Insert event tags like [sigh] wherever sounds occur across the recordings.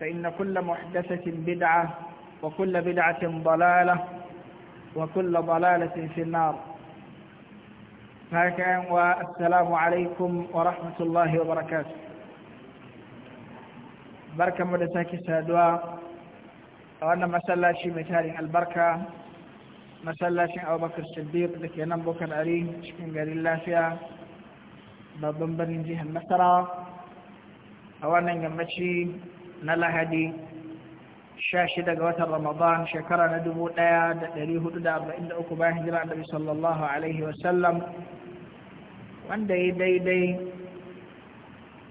فإن كل محدثة بدعة وكل بدعة ضلالة وكل ضلالة في النار هكذا والسلام عليكم ورحمة الله وبركاته بركة مدتاكي سادوا وأنا مسلاشي مثال البركة masallacin abubakar siddiq da ke nan bukar ari cikin garin lafiya babban birnin jihar nasara a wannan yammaci نلهدي شاشة دقوات رمضان شكرنا دبو ليا دليه دا أربعين دعوك باهجر النبي صلى الله عليه وسلم وان داي داي داي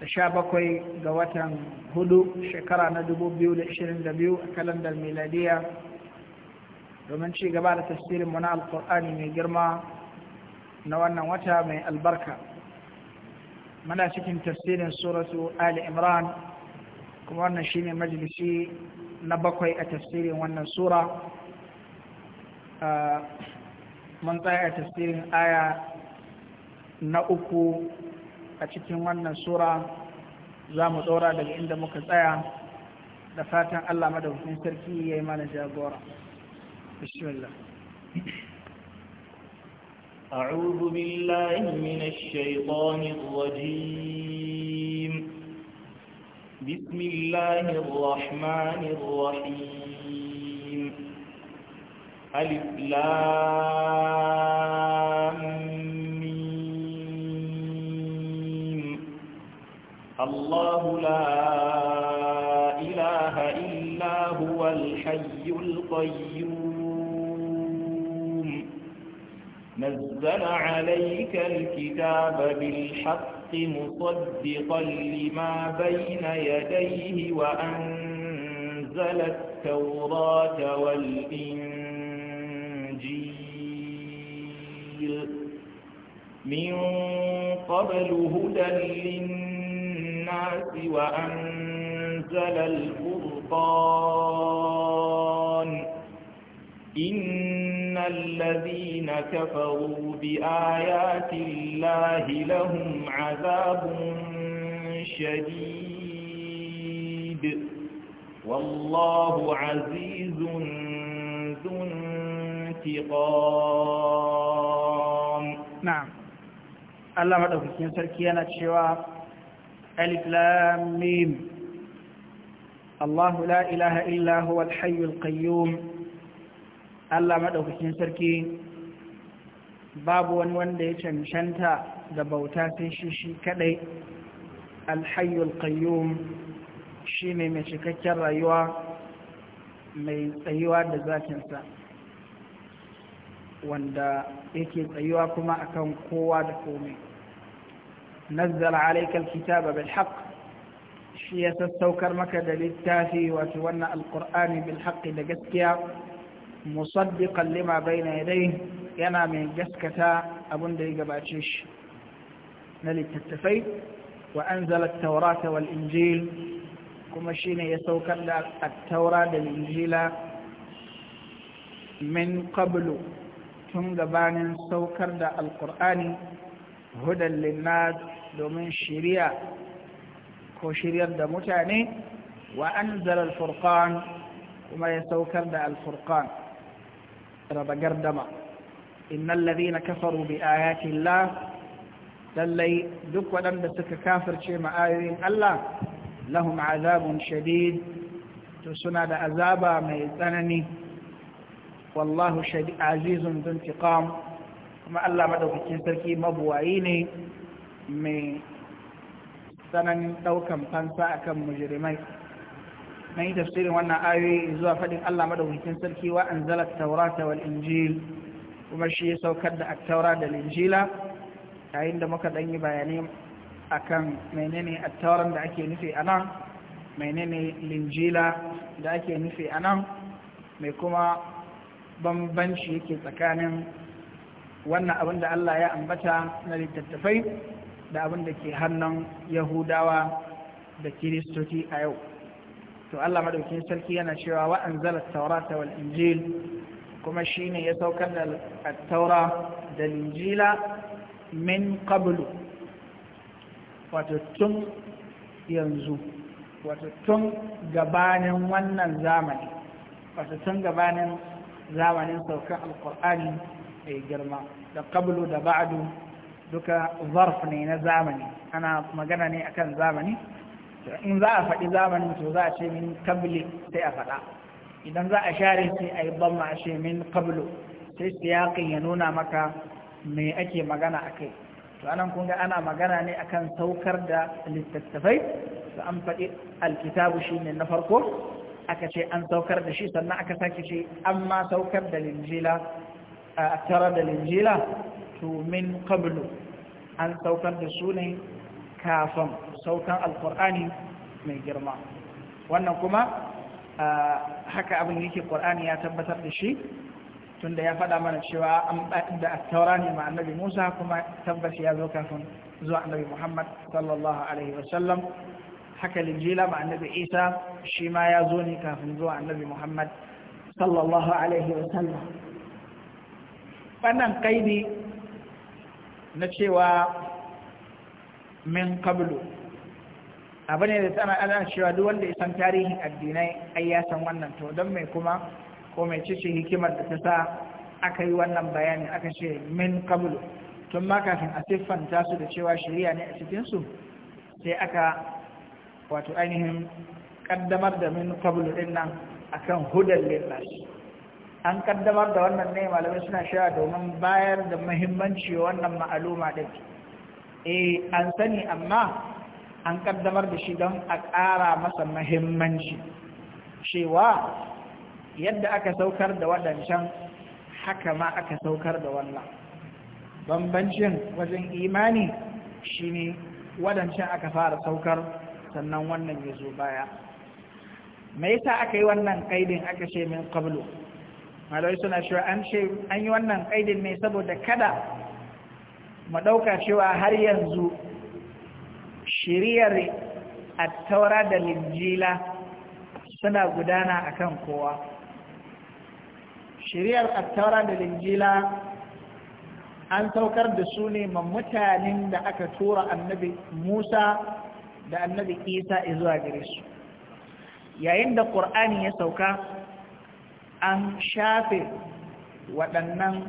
تشابكوي قوات هدو شكرنا دبو بيو لعشرين دبيو أكلم دا الميلادية ومن شي قبالة تسير منا القرآن من جرما نوانا وتا من البركة منا سكن تفسير سورة آل عمران kuma wannan shine majalisi na bakwai a tafsirin wannan sura ah, mun tsaya a tafsirin aya na uku a cikin wannan sura za mu tsora daga inda muka tsaya da fatan allah madaukakin sarki ya yi mana jagora bismillah أعوذ بالله من الشيطان الرجيم بسم الله الرحمن الرحيم ألف لام الله لا إله إلا هو الحي القيوم نزل عليك الكتاب بالحق الحق مصدقا لما بين يديه وأنزل التوراة والإنجيل من قبل هدى للناس وأنزل الفرقان إن الذين كفروا بآيات الله لهم عذاب شديد والله عزيز ذو انتقام نعم الله مدوكين سركيانا تشوا ألف لام ميم الله لا إله إلا هو الحي القيوم Allah maɗaukacin sarki babu wani wanda ya cancanta da bauta sai shi shi kaɗai alhayyul qayyum shi ne mai cikakken rayuwa mai tsayuwa da zafinsa wanda yake tsayuwa kuma akan kowa da komai nazzal alaikal kitaba bil haqq shi ya sassaukar maka da littafi wato wannan alqur'ani bil haqqi da gaskiya musaddiqan lima bayna yadayhi yana mai gaskata abin da ya gabace shi na littattafai wa anzala at-taurata wal injil kuma shine ya saukar da at-taura da injila min qablu tun gabanin saukar da alqur'ani hudan linnas domin shiriya ko shiryar da mutane wa anzala al-furqan kuma ya saukar da al-furqan raba gardama innal ladina kafaru bi ayati llah lallai duk waɗanda suka kafirce ma Allah lahum azabun shadid to suna da azaba mai tsanani wallahu azizun zuntiqam kuma Allah madaukakin sarki mabuwayi ne mai tsananin ɗaukan fansa akan mujrimai mun yi tafsirin wannan ayoyi zuwa faɗin Allah madaukakin sarki wa anzala taurata wal injil kuma shi ya saukar da attaura da linjila yayin da muka ɗan yi bayanai akan menene attauran da ake nufi a menene linjila da ake nufi anan? mai kuma bambanci yake tsakanin wannan abin da Allah ya ambata na littattafai da abin da ke hannun yahudawa da kiristoci a yau to Allah madaukin sarki yana cewa wa anzala taurata wal injil kuma shine ya saukar da at-taura da injila min qablu wato tun yanzu wato tun gabanin wannan zamani wato tun gabanin zamanin saukar alkur'ani mai girma da qablu da ba'du duka zarf ne na zamani ana magana ne akan zamani in za a faɗi zamanin to za a ce min kabli sai a faɗa idan za a share sai a yi ban a ce min kablo sai siyaƙin ya nuna maka me ake magana a kai to anan kun ga ana magana ne akan saukar da littattafai su an faɗi alkitabu shi ne na farko aka ce an saukar da shi sannan aka sake ce an ma saukar da linjila a tara da linjila to min kablo an saukar da su ne kafin saukan alkur'ani mai girma wannan kuma haka abin yake qur'ani ya tabbatar da shi tunda ya faɗa mana cewa an da taura ne ma annabi musa kuma tabbas ya zo kafin zuwa annabi muhammad sallallahu alaihi wasallam haka linjila ma annabi isa shi ma ya zo ne kafin zuwa annabi muhammad sallallahu alaihi wasallam wannan kaidi na cewa min qablu abu ne da tana ana cewa duk wanda isan tarihin addinai ai ya san wannan to don mai kuma ko mai cice hikimar da ta sa aka yi wannan bayani aka ce min kabulu tun ma kafin a siffanta su da cewa shari'a ne a cikinsu sai aka wato ainihin kaddamar da min kabulu din nan akan hudar lillahi an kaddamar da wannan ne malamai suna shawa domin bayar da muhimmanci wannan ma'aluma din eh an sani amma an kaddamar da shi don a ƙara masa mahimmanci cewa yadda aka saukar da waɗancan haka ma aka saukar da wannan bambancin wajen imani shi ne waɗancan aka fara saukar sannan wannan ya zo baya me yasa aka yi wannan ƙaidin aka ce min qablu malawai suna cewa an ce an yi wannan kaidin ne saboda kada mu ɗauka cewa har yanzu shiriyar attaura da linjila suna gudana a kan kowa shiriyar attaura da linjila an saukar da su ne ma mutanen da aka tura annabi musa da annabi isa zuwa gare su yayin da ƙur'ani ya sauka an shafe waɗannan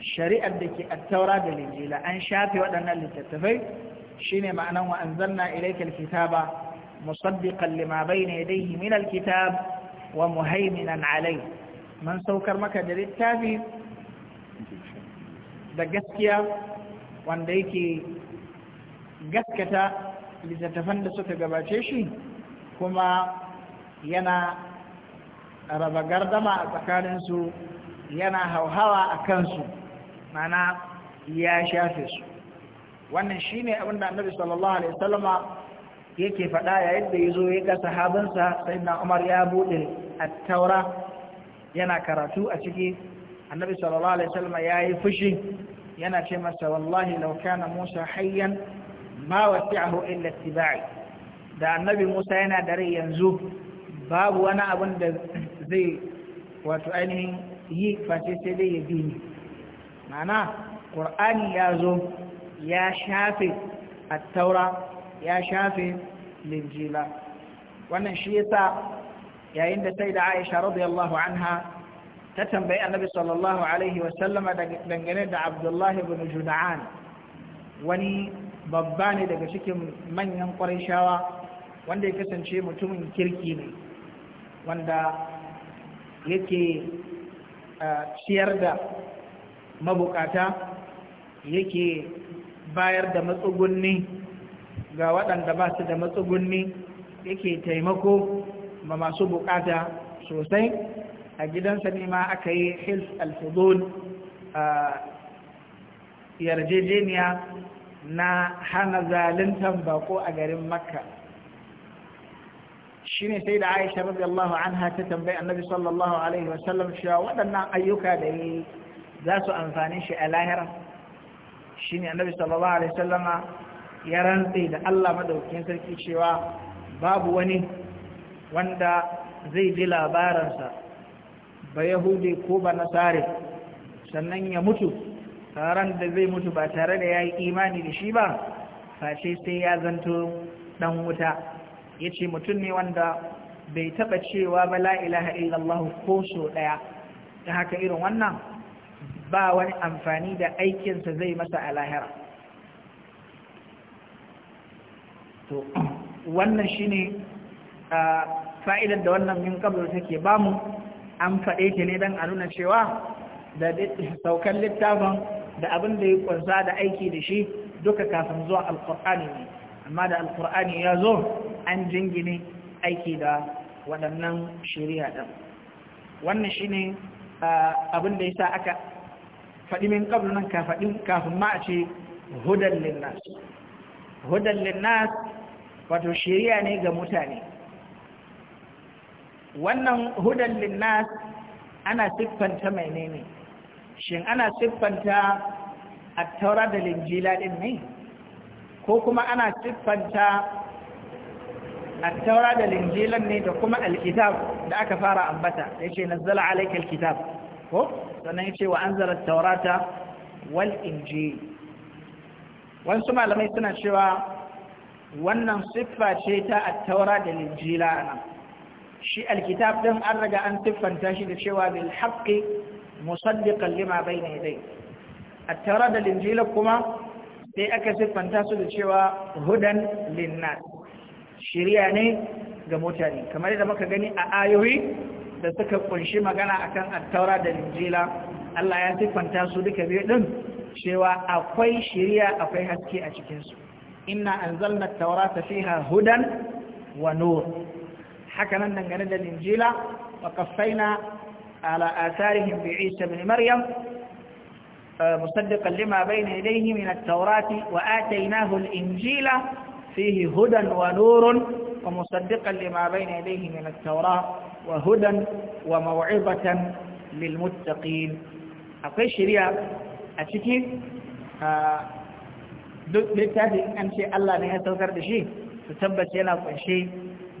shari'ar da ke attaura da linjila an shafe waɗannan littattafai shine ma'anan wa anzalna ilayka kitaba, musaddiqan lima bayna yadayhi min alkitab wa muhaiminan alayhi man saukar maka da littafi da gaskiya wanda yake gaskata littattafan da suka gabace shi kuma yana raba gardama a tsakaninsu yana hauhawa a kansu mana ya shafe su wannan shi ne abinda annabi sallallahu alaihi wasallama yake faɗa yayin da zo ya ga sahabansa sayyidina Umar ya buɗe a taura yana karatu a ciki annabi sallallahu alaihi wasallama yayi fushi yana ce masa wallahi law kana Musa hayyan ma wasi'ahu illa ittiba'i da annabi Musa yana da rai yanzu babu wani abin da zai wato ainihin yi face sai dai ya bi ma'ana ƙur'ani ya zo ya shafe attaura ya shafe linjila wannan shi yasa yayin da sai da aisha radiyallahu anha ta tambayi annabi sallallahu alaihi wasallama dangane da abdullahi bin juda'an wani babba ne daga cikin manyan ƙwarishawa wanda ya kasance mutumin kirki ne wanda yake eh, ciyar da mabukata yake bayar da matsugunni ga waɗanda ba su da matsugunni yake taimako ba masu bukata sosai a gidansa ne ma aka yi hils alfudun a yarjejeniya na hana zalintan bako a garin makka shi ne sai da aisha radiyallahu anha ta tambayi annabi sallallahu alaihi wasallam cewa waɗannan ayyuka da yi za su amfani shi a lahira Shin annabi sallallahu alaihi wasallama ya rantse da Allah madaukin sarki cewa babu wani wanda zai ji labaransa ba yahudi ko ba nasare sannan ya mutu taron da zai mutu ba tare da ya yi imani da shi ba face sai ya zanto dan wuta ya ce mutum ne wanda bai taba cewa ba la ilaha illallah ko so daya ta haka irin wannan ba wani amfani da aikinsa zai masa a lahira to wannan ne fa'idar da wannan min kabul take bamu an faɗe ta ne don a nuna cewa da saukan littafin da abin da ya ƙunsa da aiki da shi duka kafin zuwa alƙur'ani ne amma da alƙur'ani ya zo an jingine aiki da waɗannan shari'a ɗin wannan ne abin da ya sa aka faɗi min ƙablu nan kafin ma a ce hudan linnas hudan linnas wato shiriya ne ga mutane wannan hudan linnas ana siffanta mai ne shin ana siffanta a taura da linjila ɗin ne ko kuma ana siffanta a taura da linjilan ne da kuma alkitab da aka fara ambata ya ce nazzala alaikal kitab ko sannan yace wa anzala taurata wal injil wasu malamai suna cewa wannan siffa ce ta at-taura da injila anan shi alkitab din an riga an siffanta shi da cewa bil haqqi musaddiqan lima bayna yadayhi at-taura da injila kuma sai aka siffanta su da cewa hudan linnas shiriya ne ga mutane kamar yadda muka gani a ayoyi da suka kunshi magana akan attaura da injila Allah ya siffanta su duka biyu din cewa akwai shiriya akwai haske a cikin su inna anzalna at-taurata fiha hudan wa nur haka nan dangane da injila wa qaffaina ala atharihim bi Isa ibn Maryam musaddiqan lima bayna yadayhi min at-taurati wa atainahu al-injila فيه هدى ونور ومصدقا لما بين يديه من التوراة وهدى وموعظة للمتقين أقول شريعة أتكين duk آه، أن شيء الله نهاية ne بشيء تثبت da shi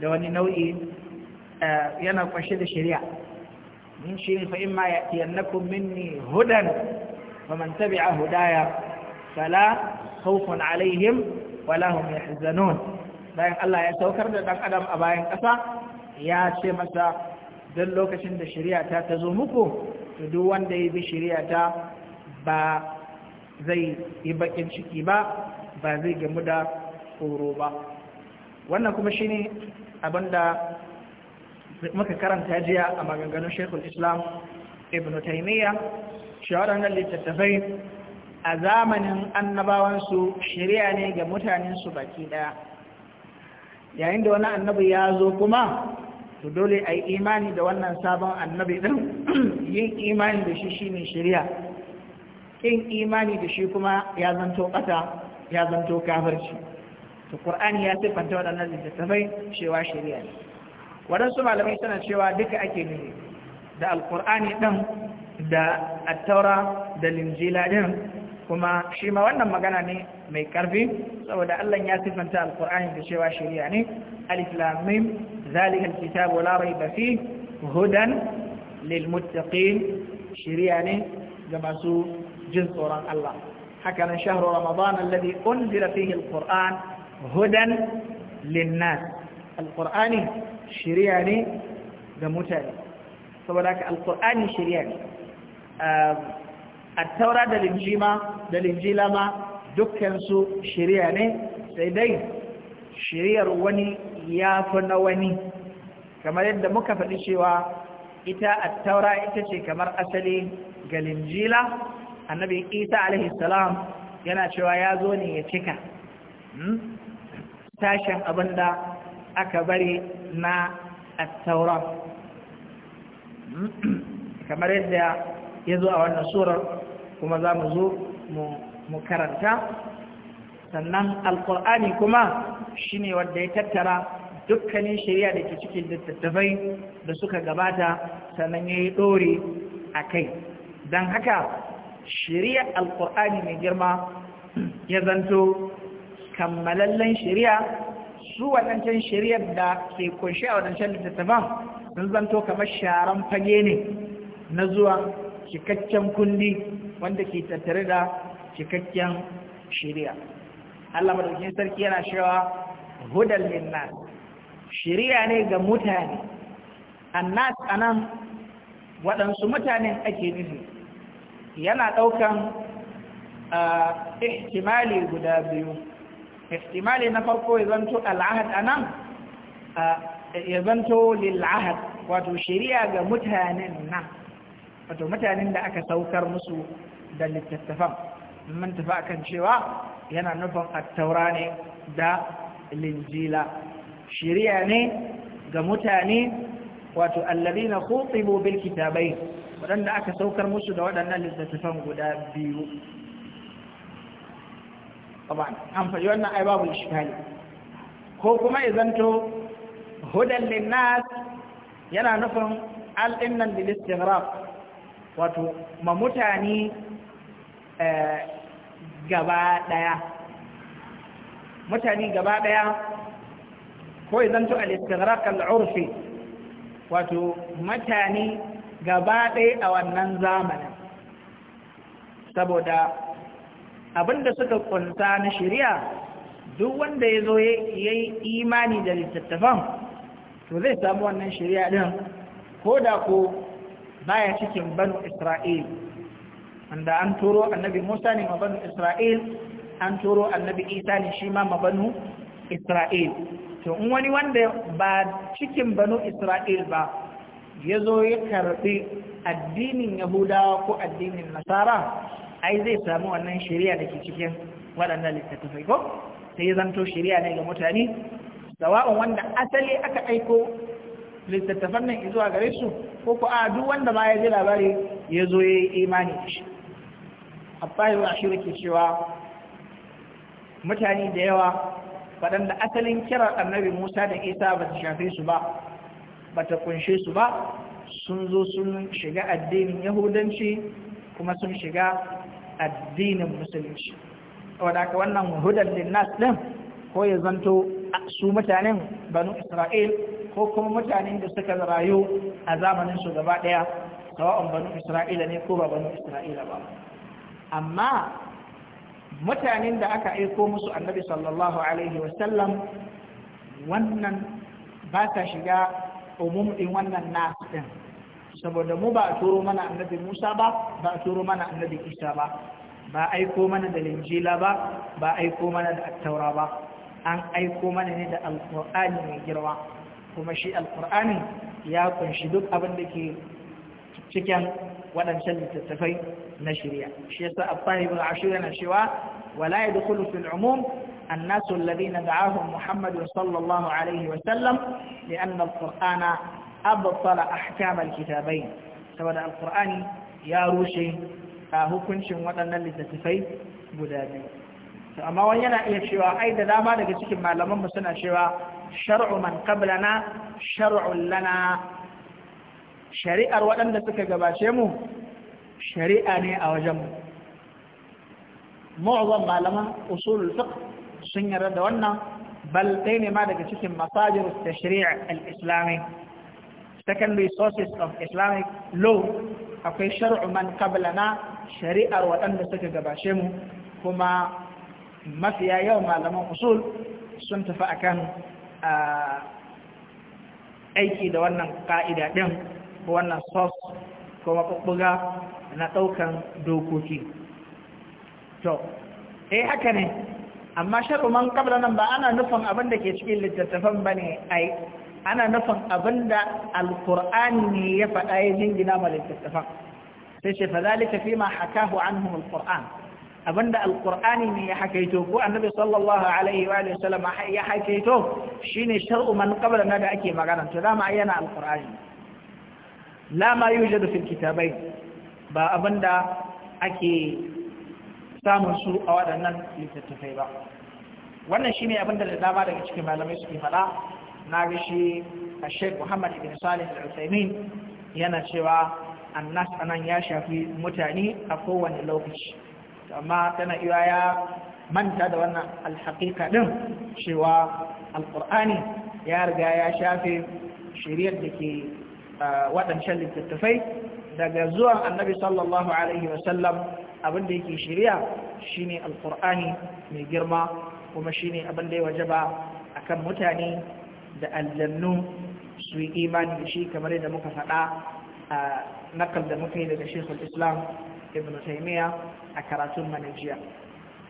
su tabbata نوئي kunshe da wani nau'i من شيء فإما يأتينكم مني هدى فمن تبع هدايا فلا خوف عليهم wala hum yahzanun bayan Allah ya saukar da ɗan adam a bayan ƙasa ya ce masa don lokacin da shirya ta ta zo muku to duk wanda ya bi shirya ta ba zai yi bakin ciki ba ba zai gamu da tsoro ba wannan kuma shine abinda muka karanta jiya a maganganun shekul islam ibn taimiyya shawarar littattafai a zamanin annabawansu shirya ne ga mutanensu baki ɗaya yayin da wani annabi ya zo kuma to dole a yi imani da wannan sabon annabi ɗin [clears throat] yin imani da shi shine shirya. Kin imani da shi kuma ya zanto ƙasa ya zanto kafirci to ƙur'ani ya siffanta waɗannan littattafai cewa shirya ne waɗansu malamai suna cewa duka ake ne da alƙur'ani ɗin da attaura da linjila ɗin kuma shi ma wannan magana ne mai karfi saboda Allah ya sifanta alqur'ani da cewa shari'a ne alif lam mim zalika alkitabu la rayba fi hudan lil muttaqin shari'a ne ga masu jin tsoron Allah haka nan shahru ramadan alladhi unzila fihi alqur'an hudan lin nas alqur'ani shari'a ne ga mutane saboda haka alqur'ani shari'a ne attaura da linjima da linjila ma dukkansu shirya ne sai dai shiryar wani ya fi na wani kamar yadda muka faɗi cewa ita attaura ita ce kamar asali ga linjila annabi isa alaihi salam yana cewa ya zo ne ya cika hmm? tashin abin da aka bari na attaura hmm? kamar yadda ya zo a wannan surar kuma za mu zo mu karanta sannan alkur'ani kuma shi ne wadda ya tattara dukkanin shari'a da ke cikin littattafai da suka gabata sannan ya yi ɗore a kai don haka shari'a alkur'ani mai girma ya zanto kammalallen shari'a su waɗancan shari'ar da ke kunshi a waɗancan littattafan sun zanto kamar sharan fage ne na zuwa cikakken kundi wanda ke tattare da cikakken shirya. Allah madaukin sarki yana cewa hudal linnas shirya ne ga mutane annas anan waɗansu mutanen ake nufi yana ɗaukan eh, ihtimali guda biyu ihtimali na farko ya zanto al'ahad anan eh, ya zanto lil'ahad wato shirya ga mutanen nan wato mutanen da aka saukar musu da littattafan mun tafi akan cewa yana nufin attaura ne da linjila shiriya ne ga mutane wato Allalina khutibu bil kitabai waɗanda aka saukar musu da waɗannan littattafan guda biyu amma an faɗi wannan ai babu ishkali ko kuma izanto hudan linnas yana nufin al'innan lil istighraq wato ma mutane eh, gaba ɗaya mutane gaba ɗaya ko izanto al-istighraq al-urfi wato mutane gaba ɗaya a wannan zamanin saboda abinda suka kunta na shari'a duk wanda ya zo ya yi imani da littattafan to zai samu wannan shari'a ɗin ko da ko baya cikin banu isra'il wanda an turo annabi musa ne ma banu isra'il an turo annabi isa ne shi ma ma banu isra'il to in wani wanda ba cikin banu isra'il ba ya zo ya karbi addinin yahudawa ko addinin nasara ai zai samu wannan shari'a da ke cikin waɗannan littattafai ko sai zanto shari'a ne ga mutane sawa'un wanda asali aka aiko littattafan nan zuwa gare su ko ku a duk wanda ma ya ji labari ya zo ya yi imani da shi abbayi wa shi ke cewa mutane da yawa waɗanda asalin kira annabi musa da isa ba ta shafe su ba ba ta kunshe su ba sun zo sun shiga addinin yahudanci kuma sun shiga addinin musulunci wadda wannan hudar linnas ɗin ko ya zanto su mutanen banu isra'il ko kuma mutanen da suka rayu a zamanin su gaba daya sawa'un banu isra'ila ne ko ba banu isra'ila ba amma mutanen da aka aiko musu annabi sallallahu alaihi wasallam wannan ba ta shiga umum wannan nasu din saboda mu ba a turo mana annabi Musa ba ba a turo mana annabi Isa ba ba aiko mana da linjila ba ba aiko mana da attaura ba an aiko mana ne da alkur'ani mai girma kuma shi alkur'ani ya kunshi duk abin da ke cikin waɗancan littattafai na shirya shi yasa afani ibn ashur yana cewa wala yadkhulu fil umum الناس الذين دعاهم محمد صلى الله عليه وسلم لأن القرآن أبطل أحكام الكتابين سواء القرآن ya rushe a hukuncin waɗannan littattafai guda biyu amma wani yana iya cewa ai da dama daga cikin malaman mu suna cewa shar'u man qablana shar'un lana shari'ar waɗanda suka gabace mu shari'a ne a wajen mu mu'azzam malaman usulul fiqh sun yarda da wannan bal dai ne ma daga cikin masajir tashri' al-islami secondary sources of islamic law akwai shar'u man qablana shari'ar waɗanda suka gabace mu kuma mafiya yawan malaman usul sun tafi akan aiki da wannan ka'ida ɗin ko wannan sauce ko makwabbuga na ɗaukan dokoki to eh haka ne amma man kabla nan ba ana nufin abin da ke cikin littattafan ba ne ai ana nufin abin da alkur'ani ne ya faɗa ya jingina ma littattafan sai ce fa zalika fi ma hakahu anhum alkur'an abinda alkur'ani ne ya hakaito ko annabi sallallahu alaihi wa sallam ya hakaito shine shar'u man qablana da ake magana to dama yana alqur'ani la ma yujadu fil kitabai ba abinda ake samun su a waɗannan littattafai ba wannan shine abinda da dama daga cikin malamai suke faɗa na ga shi a sheik muhammad ibn salih al-usaimin yana cewa annas anan ya shafi mutane a kowane lokaci amma tana iya ya manta da wannan alhaƙiƙa ɗin cewa alƙur'ani ya riga ya shafe shiriyar da ke waɗancan littattafai daga zuwan annabi sallallahu alaihi wasallam abinda yake shiriya shine alƙur'ani mai girma kuma shine ne abinda ya wajaba akan mutane da aljannu su yi imani da shi kamar yadda muka faɗa a nakal da muka yi daga shekul islam ibn taymiya a karatun manajiya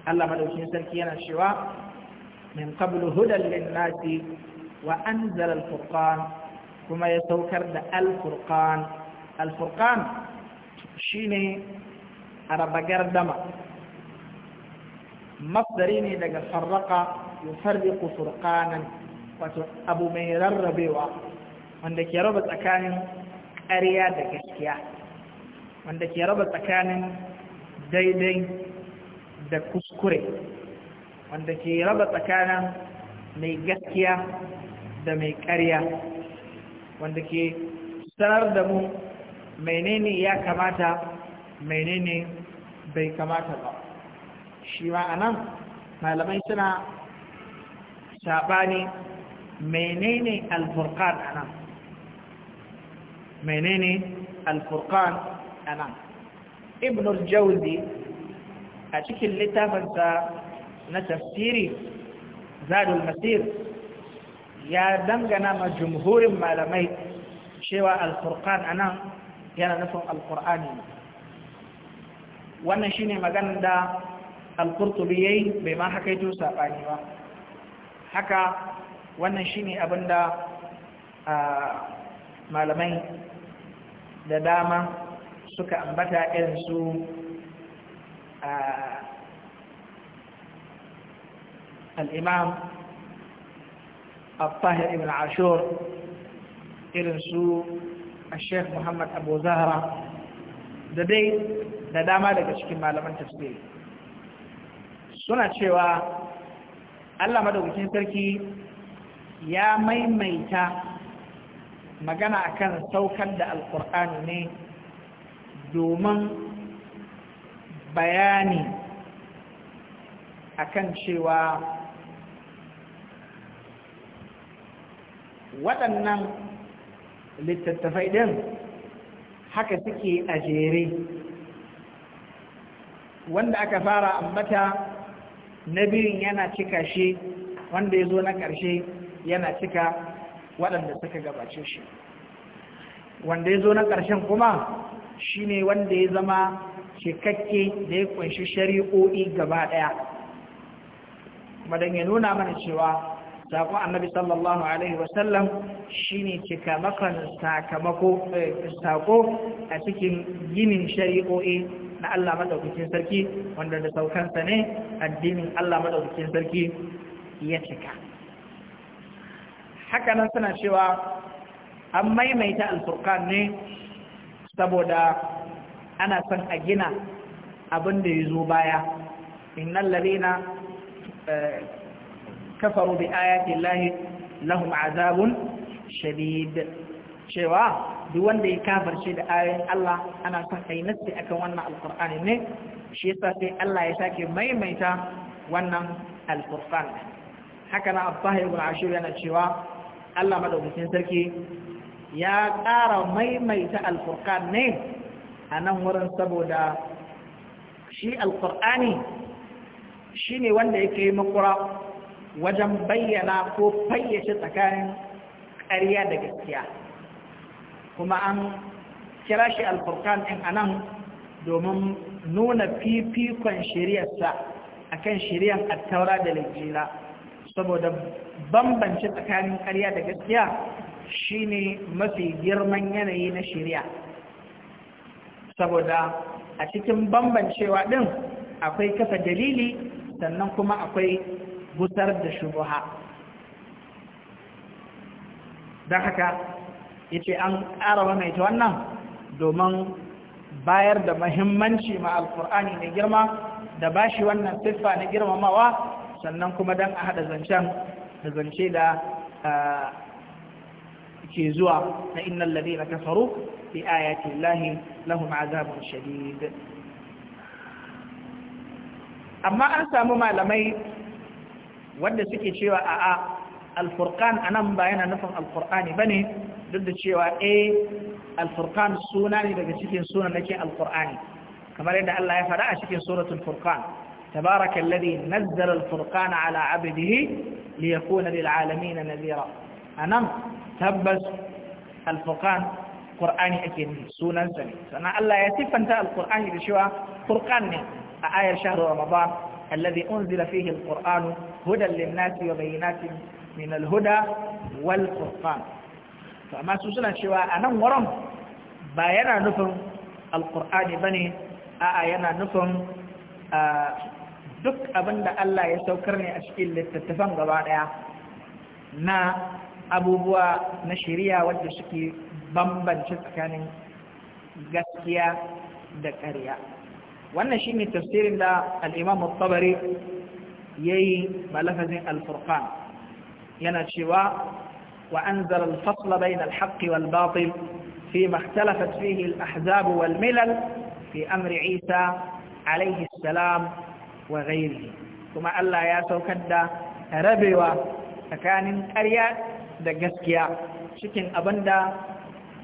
Allah madaukin sarki yana cewa min qablu hudan lin-nasi wa anzala al-furqan kuma ya saukar da al-furqan al-furqan shine arabagar dama masdari ne daga farraka yufarriqu furqanan wato abu mai rarrabewa wanda ke raba tsakanin ƙarya da gaskiya wanda ke raba tsakanin daidai da kuskure wanda ke raba tsakanin mai gaskiya da mai ƙarya wanda ke sanar da mu menene ya kamata menene bai kamata ba shi anan malamai suna saɓani menene alfurkan anan menene alfurkan a nan ibn jauzi a cikin littafinsa na tafsiri zadul masir ya dangana ma jumhurin malamai cewa alfurqan a nan yana nufin alfur'ani wannan shine maganin da alkurtubi yayi bai ma haka yato saɓani ba haka wannan shine abinda malamai da dama suka ambata irin su al'imam al-fahir ibn ashur irin su al-sheikh muhammad abu zahra da dai da dama daga cikin malaman tasbiri suna cewa allah madaukakin sarki ya maimaita magana akan saukar da alkur'ani ne domin bayani akan cewa waɗannan littattafai ɗin haka suke a jere wanda aka fara ambata na biyun yana cika shi wanda ya zo na ƙarshe yana cika waɗanda suka gabace shi wanda ya zo na ƙarshen kuma Shi ne wanda ya zama cikakke da ya kunshi shari'o'i gaba ɗaya madan ya nuna mana cewa sakon annabi sallallahu alaihi wasallam shine cikamakon sakamako eh, a cikin ginin shari'o'i na Allah maɗaukacin sarki wanda da saukansa ne addinin Allah maɗaukacin sarki ya cika hakanan suna cewa an maimaita alfurkan ne saboda ana son a gina abin da ya zo baya innal ladina eh, kafaru bi ayati lahi, lahum azabun shadid cewa duk wanda ya kafarce da ayoyin Allah ana son a yi nasi akan wannan alkur'ani ne shi yasa sai Allah ya sake maimaita wannan alkur'ani haka na abba ibn ashur yana cewa Allah madaukakin sarki ya ƙara maimaita alfurkan ne a nan wurin saboda shi alfurkani shi ne wanda yake yi makura wajen bayyana ko fayyace tsakanin ƙarya da gaskiya kuma an kira shi alfurkan ɗin a nan domin nuna fifikon shiriyarsa a kan shiriyar attaura da lejira saboda bambance tsakanin ƙarya da gaskiya Shi ne mafi girman yanayi na shirya saboda a cikin bambancewa ɗin akwai kafa dalili sannan kuma akwai gusar da shubuha don haka ce an ƙara ta wannan domin bayar da mahimmanci ma alkur'ani na girma da bashi wannan siffa na girmamawa sannan kuma don a haɗa zancen da zance da eh, ke zuwa na innal ladina kafaru bi ayati llahi lahum azabun shadid amma an samu malamai wanda suke cewa a'a alfurqan nan ba yana nufin ba bane duk da cewa eh alfurqan suna ne daga cikin sunan nake kamar yadda Allah ya fada a cikin suratun furkan tabarakal ladhi nazzala alfurqana ala 'abdihi liyakuna lil na nadhira a nan tabbas alfurkan Kur'ani ake nufi sunansa ne sannan Allah ya sifanta Alkur'ani da cewa furkan ne a ayar shahru ramadan alladhi unzila fihi alqur'anu hudan lin wa bayyinatin min al-huda wal to amma su suna cewa a nan ba yana nufin alkur'ani ba ne a'a yana nufin duk abin da Allah ya saukar ne a cikin littattafan gaba ɗaya na abubuwa na shari'a wanda suke bambance tsakanin gaskiya da ƙarya wannan shine tafsirin da al-Imam al-Tabari yayi malafazin al-Furqan yana cewa wa anzala al-fasla bayna al-haqq wal-batil fi fihi al فيما wal-milal fi والملل isa أمر عيسى wa السلام kuma allah ya saukar da rabewa tsakanin قرية da gaskiya cikin abin da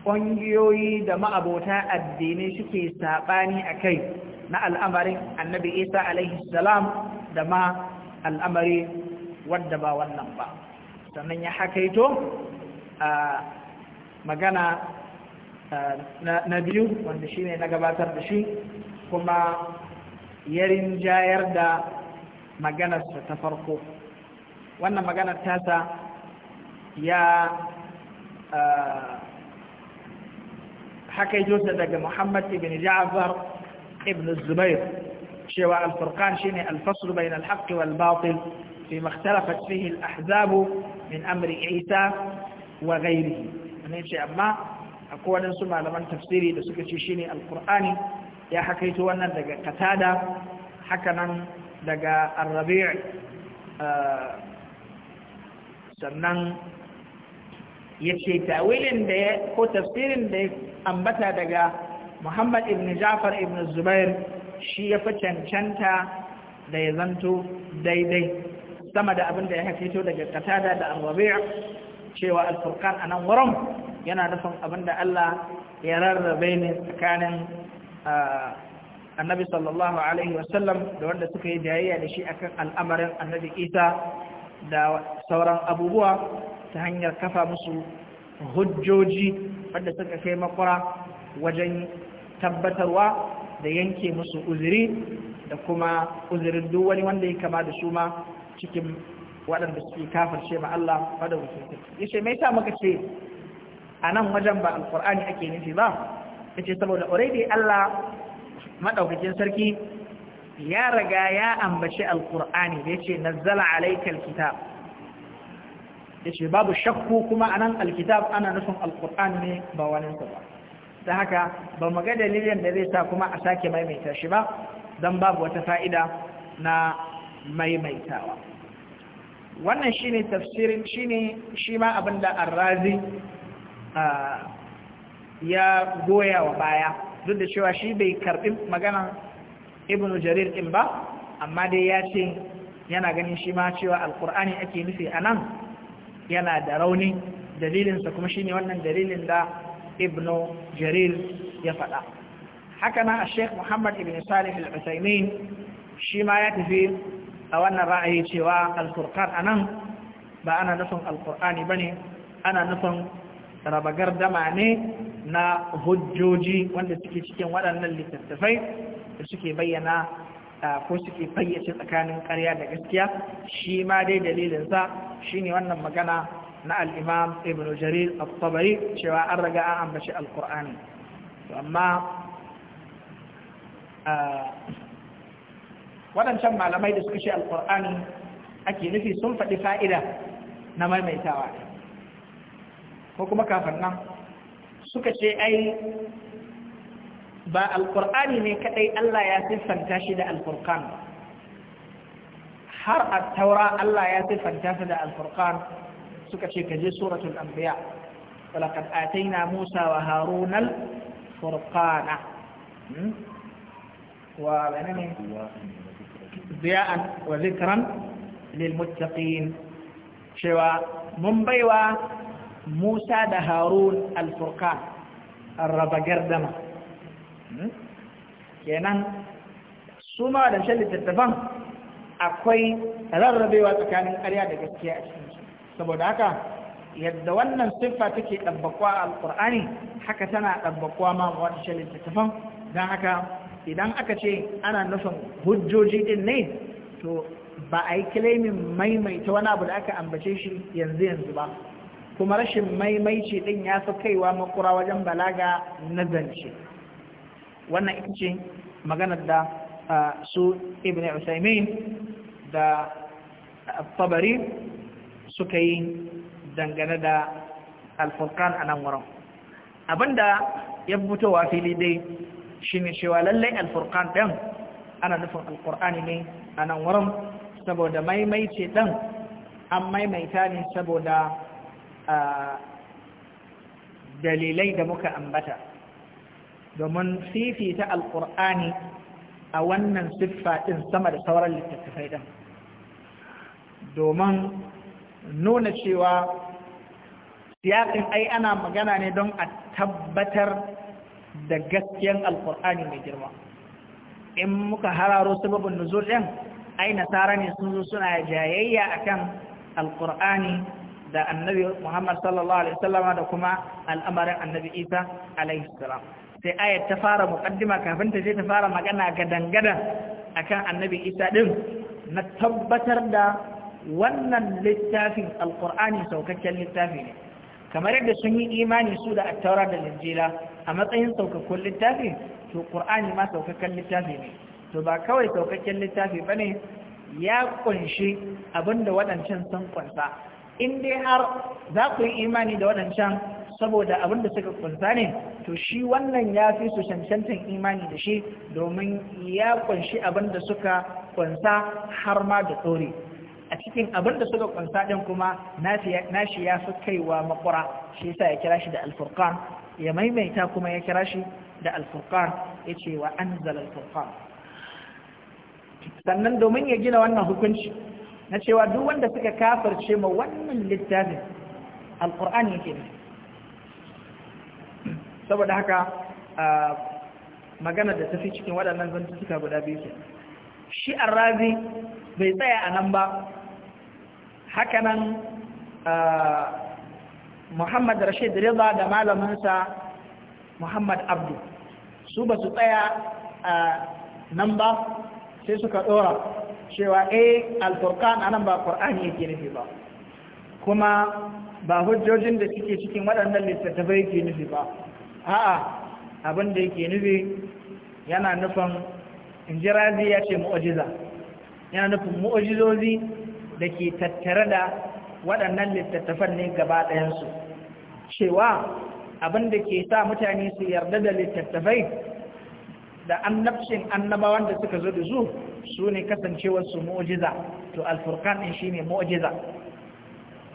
ƙungiyoyi da ma'abota addinai suke saɓani a kai na al'amarin annabi isa alaihi salam da ma al'amari wadda ba wannan ba sannan ya hakaito a magana na biyu wanda shi ne na gabatar da shi kuma yarin jayar da maganarsa ta farko wannan maganar tasa ya yi ta daga Muhammad ibn Ja'far ibn Zubair cewa al-Furqan shine al-fasl bain al wal batil fi ma ikhtalafat fihi min amri Isa wa ghayrihi ne ce amma akwai malaman tafsiri da suka ce shine al-Qur'ani ya yi wannan daga katada hakanan daga ar sannan ya ce tawilin da ya ko tafsirin da ya ambata daga muhammad ibn jafar ibn zubair shi ya fi cancanta da ya zanto daidai sama da abin da ya haifito daga katada da arwabi'a cewa alfurkan a nan wurin yana nufin abin da Allah ya rarrabe ne tsakanin annabi sallallahu alaihi wasallam da wanda suka yi jayayya da shi akan al'amarin annabi isa da sauran abubuwa ta hanyar kafa musu hujjoji wadda suka kai makwara wajen tabbatarwa da yanke musu uzuri da kuma uzurin duk wani wanda ya kama da su ma cikin waɗanda suke kafarce ma Allah wadda wuce ya ce mai sa muka ce a nan wajen ba alkur'ani ake nufi ba ya ce saboda already Allah maɗaukakin sarki ya raga ya ambaci alkur'ani ya ce nazzala alaikal kitab yace babu shakku kuma anan alkitab ana nufin alqur'ani ne ba wani ba ta haka ba mu ga dalilin da zai sa kuma a sake maimaita shi ba dan babu wata fa'ida na maimaitawa wannan shine tafsirin shine shi ma abinda arrazi ya goya wa baya duk da cewa shi bai karbi maganan ibnu jarir din ba amma dai ya ce yana ganin shi ma cewa alqur'ani ake nufi anan yana da rauni dalilinsa kuma shine wannan dalilin da ibn jarir ya faɗa haka nan sheikh muhammad ibn salih al-usaimin shi ma ya tafi a wannan ra'ayi cewa al anan ba ana nufin al-qur'ani bane ana nufin rabagar dama ne na hujjoji wanda suke cikin waɗannan littattafai da suke bayyana ko suke fayyace tsakanin ƙarya da gaskiya shi ma dai dalilinsa Shi ne wannan magana na al'imam ibn jarir al-tabari cewa an raga an ambashi al amma waɗancan malamai da suka shi al-qur'ani ake nufi sun faɗi fa'ida na maimaitawa ko kuma kafin nan suka ce ai ba alƙur'ani ne kaɗai Allah ya siffanta shi da alfurkan har a taura Allah ya siffanta shi da alfurkan suka ce ka je suratul anbiya walaqad ataina Musa wa Harun al-furqana wa lanani biya'an wa zikran lil muttaqin cewa mun baiwa Musa da Harun al-furqan arraba gardama Hmm? kenan su ma da shan littattafan akwai rarrabewa tsakanin ƙarya da gaskiya a cikin saboda haka yadda wannan siffa take ɗabbakwa a alƙur'ani haka tana ɗabbakwa ma wata shan littattafan don haka idan aka ce ana nufin hujjoji ɗin ne to ba a yi kilimin maimaita wani abu da aka ambace shi yanzu yanzu ba kuma rashin maimaici ɗin ya fi kaiwa makura wajen balaga na zance wannan ita ce maganar da su ibn usaimin da tabari suka yi dangane da alfurkan a nan wurin abinda ya fitowa fili dai shi ne cewa lallai alfurkan ɗin ana nufin alkur'ani ne a nan wurin saboda maimaice ɗin an maimaita ne saboda dalilai da muka ambata domin fifita alƙur'ani a wannan siffa ɗin sama da sauran littattafai ɗin domin nuna cewa siyaƙin ai ana magana ne don a tabbatar da gaskiyan alƙur'ani mai girma in muka hararo sababin nuzul ɗin ai nasara ne sun zo suna jayayya akan alƙur'ani da annabi Muhammad sallallahu alaihi Wasallama, da kuma al'amarin annabi Isa alaihi salam sai ayat ta fara muqaddima kafin ta je ta fara magana ga gadan akan annabi isa din na tabbatar da wannan littafin alkur'ani saukakken littafi ne kamar yadda sun yi imani su da attaura da linjila a matsayin saukakkun littafi to ƙur'ani ma saukakken littafi ne to ba kawai saukakken littafi ne ya kunshi abinda waɗancan sun kunsa in dai har za ku yi imani da waɗancan saboda abin da suka kunsa ne to shi wannan ya fi su cancantan imani da shi domin ya kunshi abin da suka kunsa har ma da tsori a cikin abin da suka kunsa ɗin kuma nashi ya fi kaiwa makura shi ya kira shi da alfurqan ya maimaita kuma ya kira shi da ya ce wa zala alfurqan sannan domin ya gina wannan hukunci na cewa duk wanda suka kafarce ma wannan littafin alqur'ani yake ne saboda haka magana da tafi cikin waɗannan zantuka guda biyu ke shi arrazi bai tsaya a nan ba hakanan muhammad rashid reza da malaminsa muhammad abdu su ba su tsaya a nan ba sai suka ɗora cewa eh alfurkan nan ba ƙur'ani yake nufi ba kuma ba hujjojin da suke cikin waɗannan littattafai ke nufi ba a'a abin da yake nufi yana nufin injirazi ya ce mu'ajiza yana nufin mu'ajizozi da ke tattare da waɗannan littattafan ne gaba ɗayansu cewa abin da ke sa mutane su yarda da littattafai da annabcin annabawan da suka zo da su su ne kasancewarsu mu'ajiza to alfurkan ɗin shi ne mu'ajiza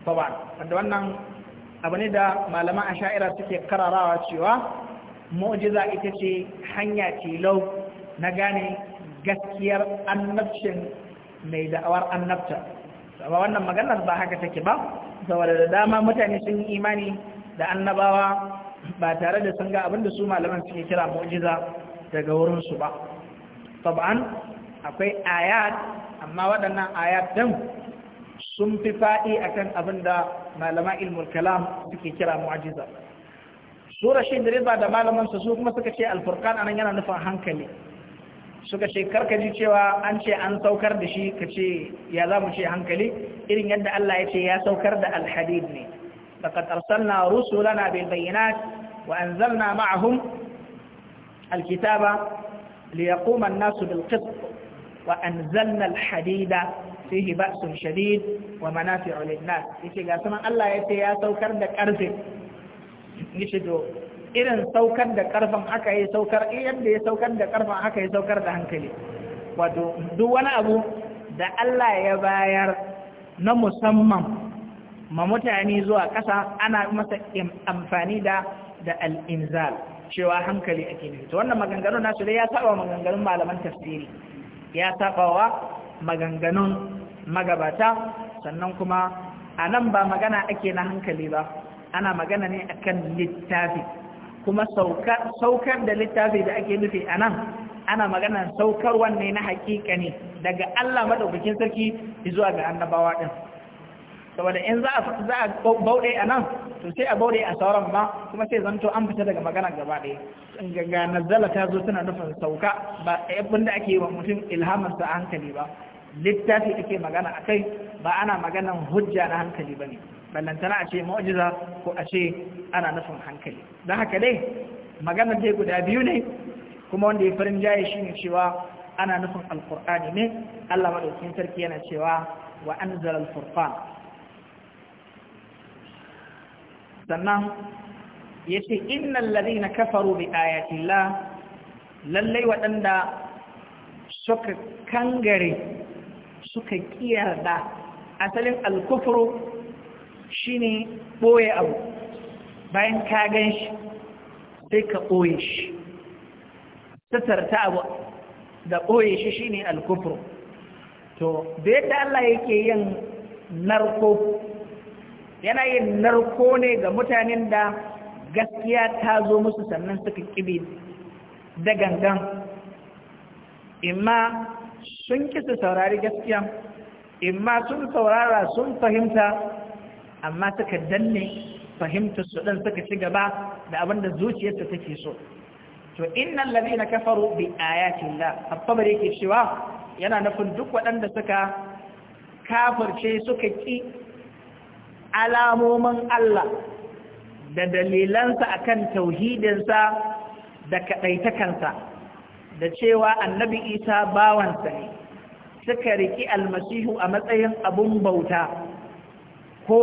wanda wannan abu ne da malaman sha'ira suke kararawa cewa mu'jiza ita ce hanya tilau na gane gaskiyar annabcin mai da'awar annabta saboda wannan maganar ba haka take ba saboda da dama mutane sun yi imani da annabawa ba tare da sun ga abin da su malaman suke kira mu'jiza daga wurinsu ba taban akwai ayat amma waɗannan ayat din sun fi faɗi akan da. malama ilmul kalam suke kira mu'ajiza sura shi da riba da malaman su kuma suka ce alfurqan anan yana nufin hankali suka ce karka ji cewa an ce an saukar da shi ka ce ya za mu ce hankali irin yadda Allah ya ce ya saukar da alhadid ne laqad arsalna rusulana bil bayyinat wa anzalna ma'ahum alkitaba liyaquma an-nasu bil qist wa anzalna alhadida fihi ba'sun shadid wa manafi'u lin-nas yace ga sama Allah ya ce ya saukar da karfi yace to irin saukar da karfin haka yayi saukar eh, yadda ya saukar da karfin haka yayi saukar da hankali wato duk wani abu da Allah ya bayar na musamman ma mutane zuwa ƙasa ana masa amfani da da al-inzal cewa hankali ake nufi to wannan maganganun nasu dai ya saba maganganun malaman tafsiri ya saba wa maganganun magabata sannan kuma a nan ba magana ake na hankali ba ana magana ne akan littafi kuma saukar da littafi da ake nufi a nan ana magana saukar wanne na hakika ne daga Allah madaukakin sarki zuwa ga annabawa din saboda in za a bauɗe a nan to sai a bauɗe a sauran ma kuma sai zanto an fita daga magana gaba ɗaya ganga nazala ta zo tana nufin sauka ba abin da ake yi wa mutum ilhamar a hankali ba littafi ake magana a kai ba ana maganan hujja na hankali ba ne ballantana a ce ma'ajiza ko a ce ana nufin hankali don haka dai maganar dai guda biyu ne kuma wanda ya farin jaye shi ne cewa ana nufin alkur'ani ne allah maɗaukin sarki yana cewa wa an alfurqan sannan ya ce innan na kafaru bi ayatillah lallai waɗanda suka kangare suka kiyarda asalin alkufuru shine ɓoye abu bayan ka gan sai ka ɓoye shi satarta abu da ɓoye shi shine alkufuru to da yadda Allah yake yin narko yana yin narko ne ga mutanen da gaskiya ta zo musu sannan suka kibi da gangan imma sun kisa saurari gaskiya In ma sun saurara sun fahimta amma suka danne fahimta su ɗin suka ci gaba da abin da zuciyarsa take so to innal ladina kafaru bi ayati llah at-tabari yake cewa yana nufin duk waɗanda suka kafirce suka ki alamomin Allah da dalilansa akan tauhidinsa da kadaitakansa da cewa annabi isa bawansa ne suka riki almasihu a matsayin abun bauta ko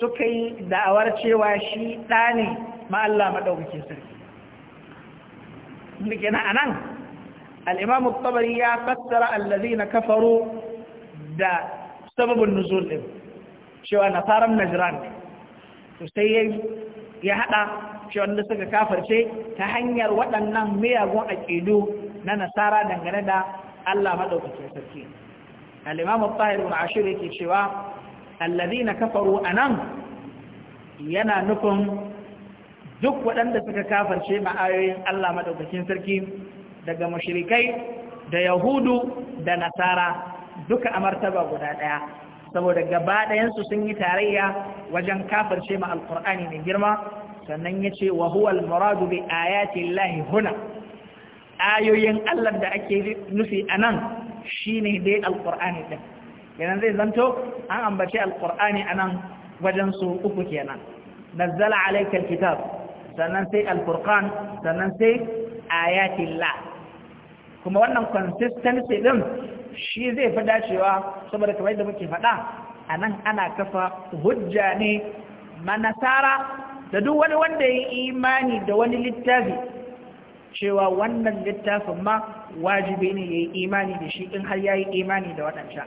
suka yi da'awar cewa shi ɗa ne ma'alla maɗaukacin sarki nake na anan al'imamu tabari ya fassara allazi na kafaro da sababin nuzul cewa na faran najiran to sai ya haɗa cewa wanda suka kafarce ta hanyar waɗannan miyagun aƙidu na nasara dangane da Allah maɗaukakin sarki Alimamin imam al ashir yake cewa na kafaru anan yana nufin duk waɗanda suka kafarce ma'ayoyin Allah maɗaukakin sarki daga mashirikai da yahudu da nasara duka a martaba guda ɗaya saboda gaba ɗayansu sun yi tarayya wajen kafarce ma alkur'ani mai girma sannan ya ce wahuwal muradu almuradu bi huna ayoyin Allah da ake nufi a nan shi ne dai alƙur'ani ɗin kenan zai zanto an ambace alƙur'ani a nan wajen su uku kenan nazzala alaikal kitab sannan sai alfurqan sannan sai ayatillah kuma wannan consistency ɗin shi zai fi dacewa saboda kamar yadda muke faɗa a nan ana kafa hujja ne manasara da duk wani wanda ya imani da wani littafi cewa wannan littafin ma wajibi ne yayi imani da shi in har yayi imani da waɗancan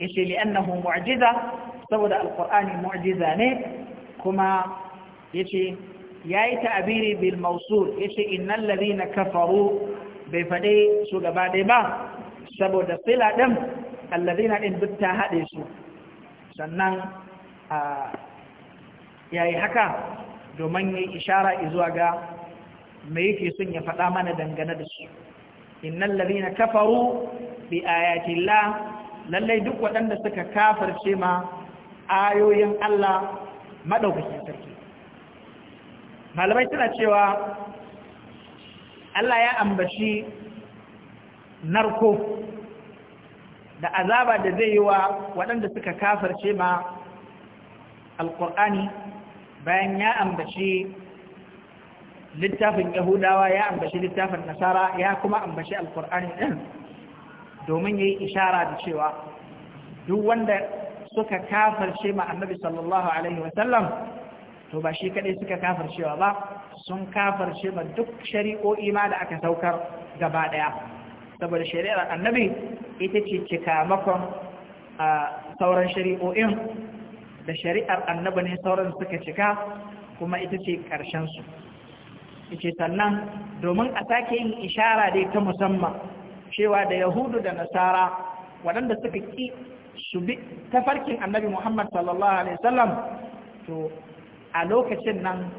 yace li annahu mu'jiza saboda Alkur'ani mu'jiza ne kuma yace yayi ta'biri bil mawsul yace innal ladina kafaru bai fade su gaba dai ba saboda sila din alladina din duk ta hade su sannan yayi haka domin yayi ishara izuwa ga me yake son ya faɗa mana dangane da su innal ladhina kafaru bi ayati lallai duk waɗanda suka kafarce ma ayoyin Allah madaukakin sarki malamai suna cewa Allah ya ambaci narko da azaba da zai yi wa waɗanda suka kafarce ma alƙur'ani bayan ya ambaci littafin yahudawa ya ambaci littafin nasara ya kuma ambaci alkur'ani ɗin domin ya yi ishara da cewa duk wanda suka kafarce ma annabi sallallahu alaihi wasallam to ba shi kaɗai suka kafarcewa ba sun kafarce ma duk shari'o'i ma da aka saukar gaba ɗaya saboda shari'ar annabi ita ce cikamakon sauran shari'o'in da shari'ar annabi ne sauran suka cika kuma ita ce ƙarshensu ce sannan domin a sake yin ishara dai ta musamman cewa da yahudu da nasara waɗanda suka ƙi su bi farkin annabi muhammad sallallahu alaihi wasallam to a lokacin nan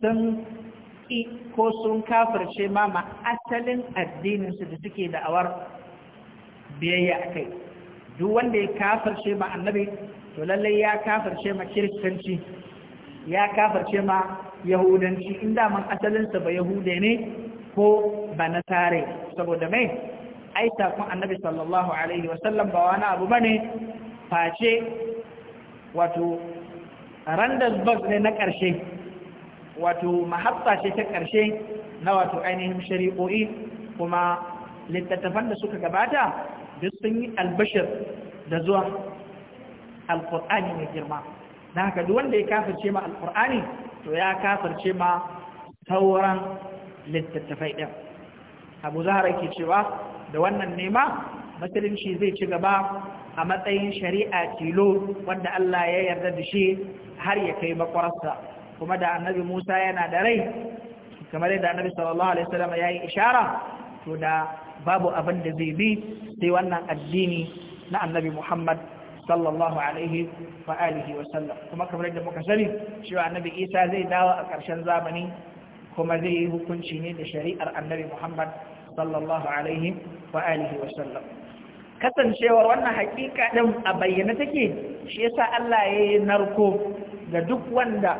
sun ƙi ko sun kafirce ma ma asalin addininsu da suke da'awar biyayya a kai duk wanda ya kafirce ma annabi to lallai ya kafirce ma kiristanci ya kafirce ma yahudanci in daman asalinsa ba yahude ne ko ba nasare saboda mai ai takun annabi sallallahu alaihi wasallam ba wani abu bane face wato Randersburg ne na ƙarshe wato mahatsa ce ta ƙarshe na wato ainihin shari'o'i kuma littattafan da suka gabata duk sun yi albashir da zuwa alkur'ani mai girma da haka duk wanda ya kafa ce ma alƙur'ani to ya kafirce ma sauran littattafai ɗin abu zahara ke cewa da wannan nema musulunci zai ci gaba a matsayin shari'a tilo wanda Allah ya yarda da shi har ya kai makwararsa kuma da annabi Musa yana da rai kamar yadda annabi sallallahu alaihi wasallam ya yi ishara to da babu abin da zai bi sai wannan addini na annabi Muhammad sallallahu alaihi wa alihi wa sallam kuma kamar da muka sani cewa annabi isa zai dawo a ƙarshen zamani kuma zai yi hukunci ne da shari'ar annabi muhammad sallallahu alaihi wa alihi wa sallam kasancewar wannan hakika din a bayyana take shi yasa Allah ya yi narko ga duk wanda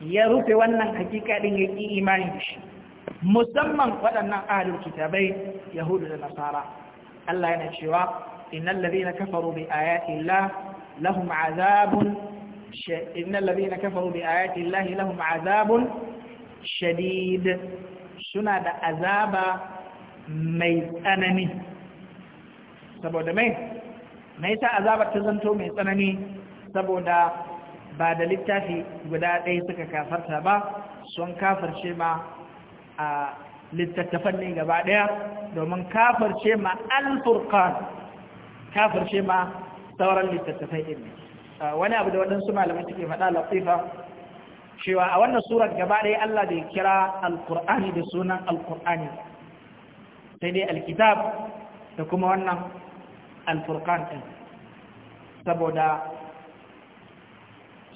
ya rufe wannan hakika din ya ki imani da shi musamman waɗannan ahlul kitabai yahudu da nasara Allah yana cewa innal ladina kafaru bi ayati llah azabun shadid suna da azaba mai tsanani saboda mai mai ta azabar ta zanto mai tsanani saboda ba da littafi guda ɗaya suka kafarta ba sun kafarce ma a littattafan ne gaba ɗaya domin kafarce ma alfurkan kafirce ma sauran littattafai ɗin ah, wani abu da waɗansu malamai suke faɗa latifa cewa a wannan surar gaba ɗaya Allah da ya kira alkur'ani da sunan alkur'ani sai dai alkitab da kuma wannan alfurkan ɗin saboda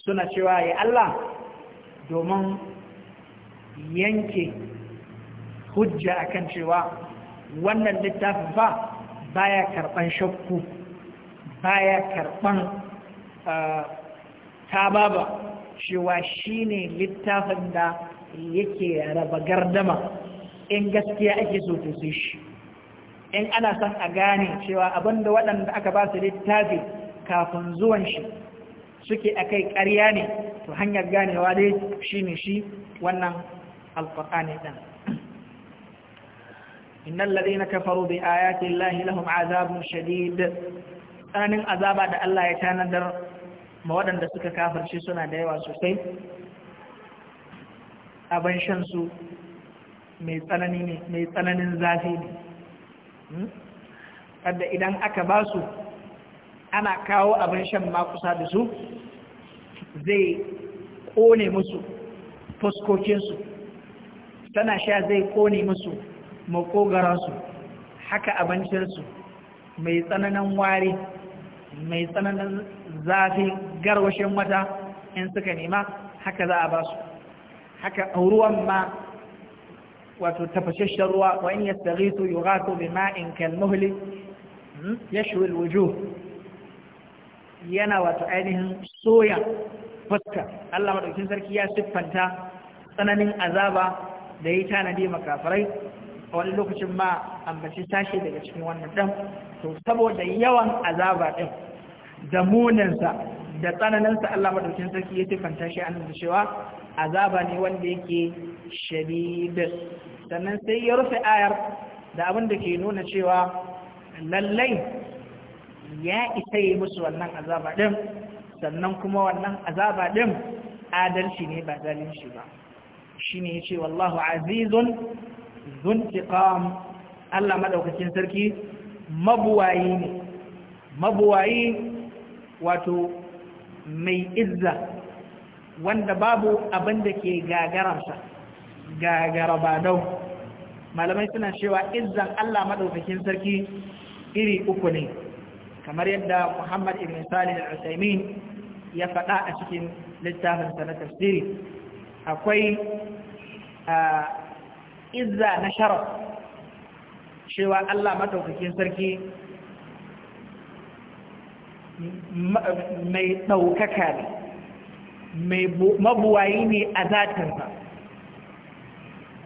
suna cewa ya Allah domin yanke hujja akan cewa wannan littafin fa baya karban shakku baya karban tababa cewa shine littafin da yake raba gardama in gaskiya ake so to sai shi in ana son a gane cewa abinda waɗanda aka ba su littafi kafin zuwan shi suke akai ƙarya ne to hanyar ganewa dai shine shi wannan ne ɗin إن الذين كفروا بآيات الله لهم عذاب azaba da Allah ya tanadar يتاندر مودا دسك كافر شي سنة ديوا سوسي أبن شمسو mai tsanani ne mai tsananin zafi ne wadda idan aka basu ana kawo abin shan makusa da su zai kone musu fuskokinsu tana sha zai ƙone musu makogaransu haka abincinsu mai tsananin wari mai tsananin zafi garwashin wata in suka nema haka za a ba su haka ruwan ma wato tafashashen ruwa wa in yastaghisu yughathu bima'in ya hmm, yashwi alwujuh yana wato ainihin soya fuska Allah madaukakin sarki ya siffanta tsananin azaba da ya tanadi makafarai a wani lokacin ma ambaci tashi daga cikin wannan ɗan to saboda yawan azaba ɗin da munansa da tsananinsa Allah maɗaukin sarki ya siffanta shi annabi cewa azaba ne wanda yake shadid sannan sai ya rufe ayar da abin da ke nuna cewa lallai ya isa yi musu wannan azaba ɗin sannan kuma wannan azaba ɗin adalci ne ba zalunci ba shine yace wallahu azizun zuntiqam Allah madaukakin sarki mabuwayi ne mabuwayi wato mai izza wanda babu abin da ke gagaransa gagarabadau malamai suna cewa izzan Allah madaukakin sarki iri uku ne kamar yadda Muhammad ibn Salih al-Usaimin ya faɗa a cikin littafin na tafsiri akwai ah, izza na sharaf cewa Allah madaukakin sarki mai ɗaukaka ne mai mabuwayi ne a zatinsa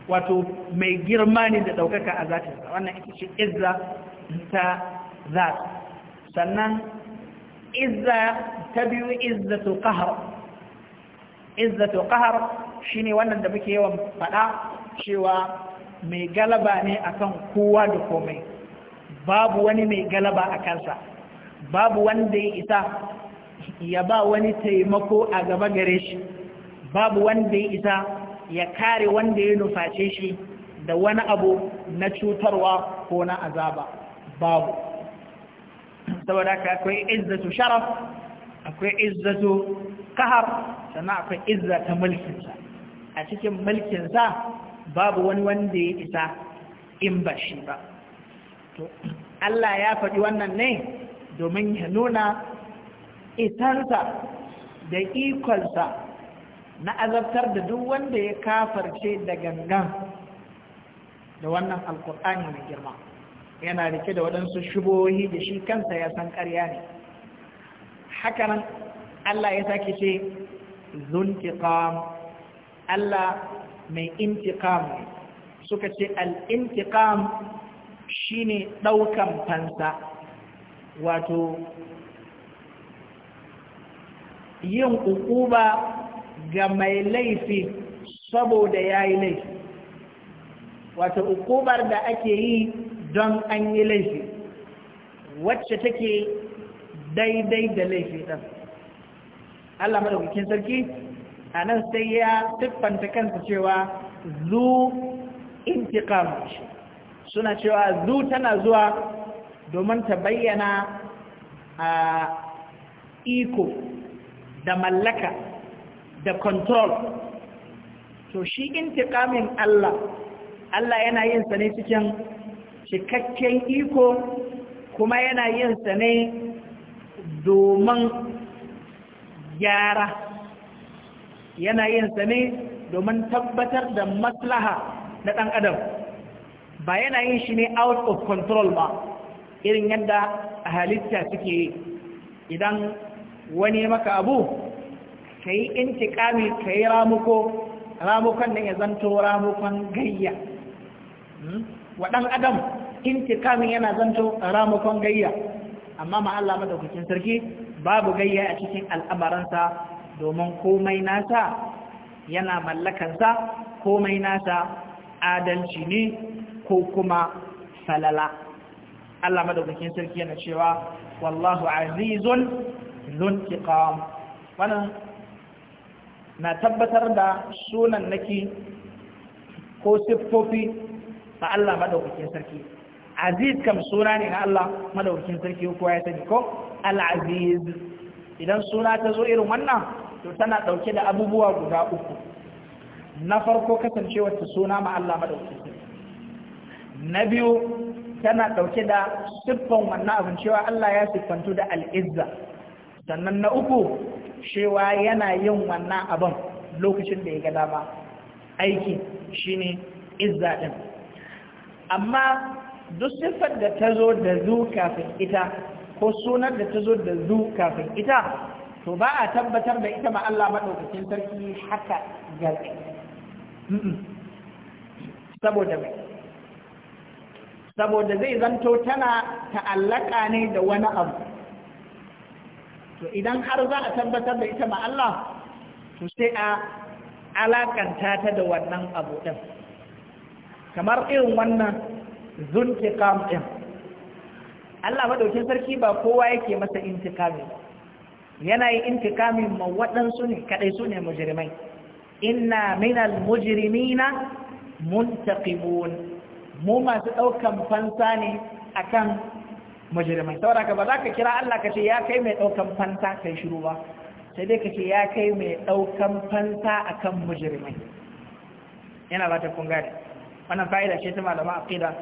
wato mai girma ne da ɗaukaka a zatinsa wannan ita ce izza ta zat sannan izza ta biyu izza ƙahar, izza qahar ƙahar shi ne wannan da muke yawan faɗa cewa mai galaba ne akan kowa da komai babu wani mai galaba a kansa babu wanda ya isa ya ba wani taimako a gaba gare shi babu wanda ya isa ya kare wanda ya nuface shi da wani abu na cutarwa ko na azaba babu saboda ka akwai izzatu sharaf akwai izzatu kahar sannan akwai izzata mulkinsa a cikin mulkinsa babu wani wanda ya isa in ba shi ba to Allah ya faɗi wannan ne domin ya nuna isansa da ikonsa na azabtar da duk wanda ya kafarce da gangan da wannan alkur'ani mai girma yana rike da waɗansu shubohi da shi kansa ya san ƙarya ne hakanan Allah ya sake ce zuntiqam Allah mai intikam suka ce al shi shine ɗaukan fansa wato yin ukuba ga mai laifi saboda yayi laifi wato ukubar da ake yi don an yi laifi wacce take daidai da laifi ɗan Allah madaukakin sarki a nan sai ya siffanta kansa cewa zu intikam suna cewa zu tana zuwa domin ta bayyana a iko da mallaka da control to shi intikamin Allah Allah yana yin sa ne cikin cikakken iko kuma yana yin sa ne domin gyara yana yin sa ne domin tabbatar da maslaha na ɗan adam ba yana yin shi ne out of control ba irin yadda a halitta suke yi idan wani maka abu ka yi intikami ka yi ramuko ramukan da ya zanto ramukan gayya hmm? wa ɗan adam intikamin yana zanto ramukan gayya amma ma'alla madaukakin sarki babu gayya a cikin al'amaransa domin komai nasa yana mallakansa komai nasa adalci ne ko kuma falala Allah madaukakin sarki yana cewa wallahu azizun luntiqam wannan na tabbatar da sunan naki ko siffofi na Allah madaukakin sarki aziz kam suna ne na Allah madaukakin sarki ko ya sani ko al-aziz idan suna ta zo irin wannan to tana dauke da abubuwa guda uku na farko kasancewar ta suna ma Allah madauki na biyu tana dauke da siffan wannan abin cewa Allah ya siffantu da al'izza sannan na uku cewa yana yin wannan abin lokacin da ya ga dama aiki shine izza din amma duk siffar da ta zo da zu kafin ita ko sunar da ta zo da zu kafin ita to ba a tabbatar da ita ma Allah maɗaukacin sarki haka garki saboda mai saboda zai zanto tana ta'allaka ne da wani abu to idan har za a tabbatar da ita ma Allah to sai a alakanta ta da wannan abu ɗin kamar irin wannan zuntiƙam ɗin Allah madaukin sarki ba kowa yake masa intikami yana yin intikami ma waɗansu ne kadai su ne mujrimai inna minal mujrimina muntaqimun mu masu daukan fansa ne akan mujrimai saboda ka ba za ka kira Allah ka ce ya kai mai daukan fansa kai shiru ba sai dai ka ce ya kai mai ɗaukan fansa akan mujrimai yana ba ta kun wannan fa'ida ce ta malama aqida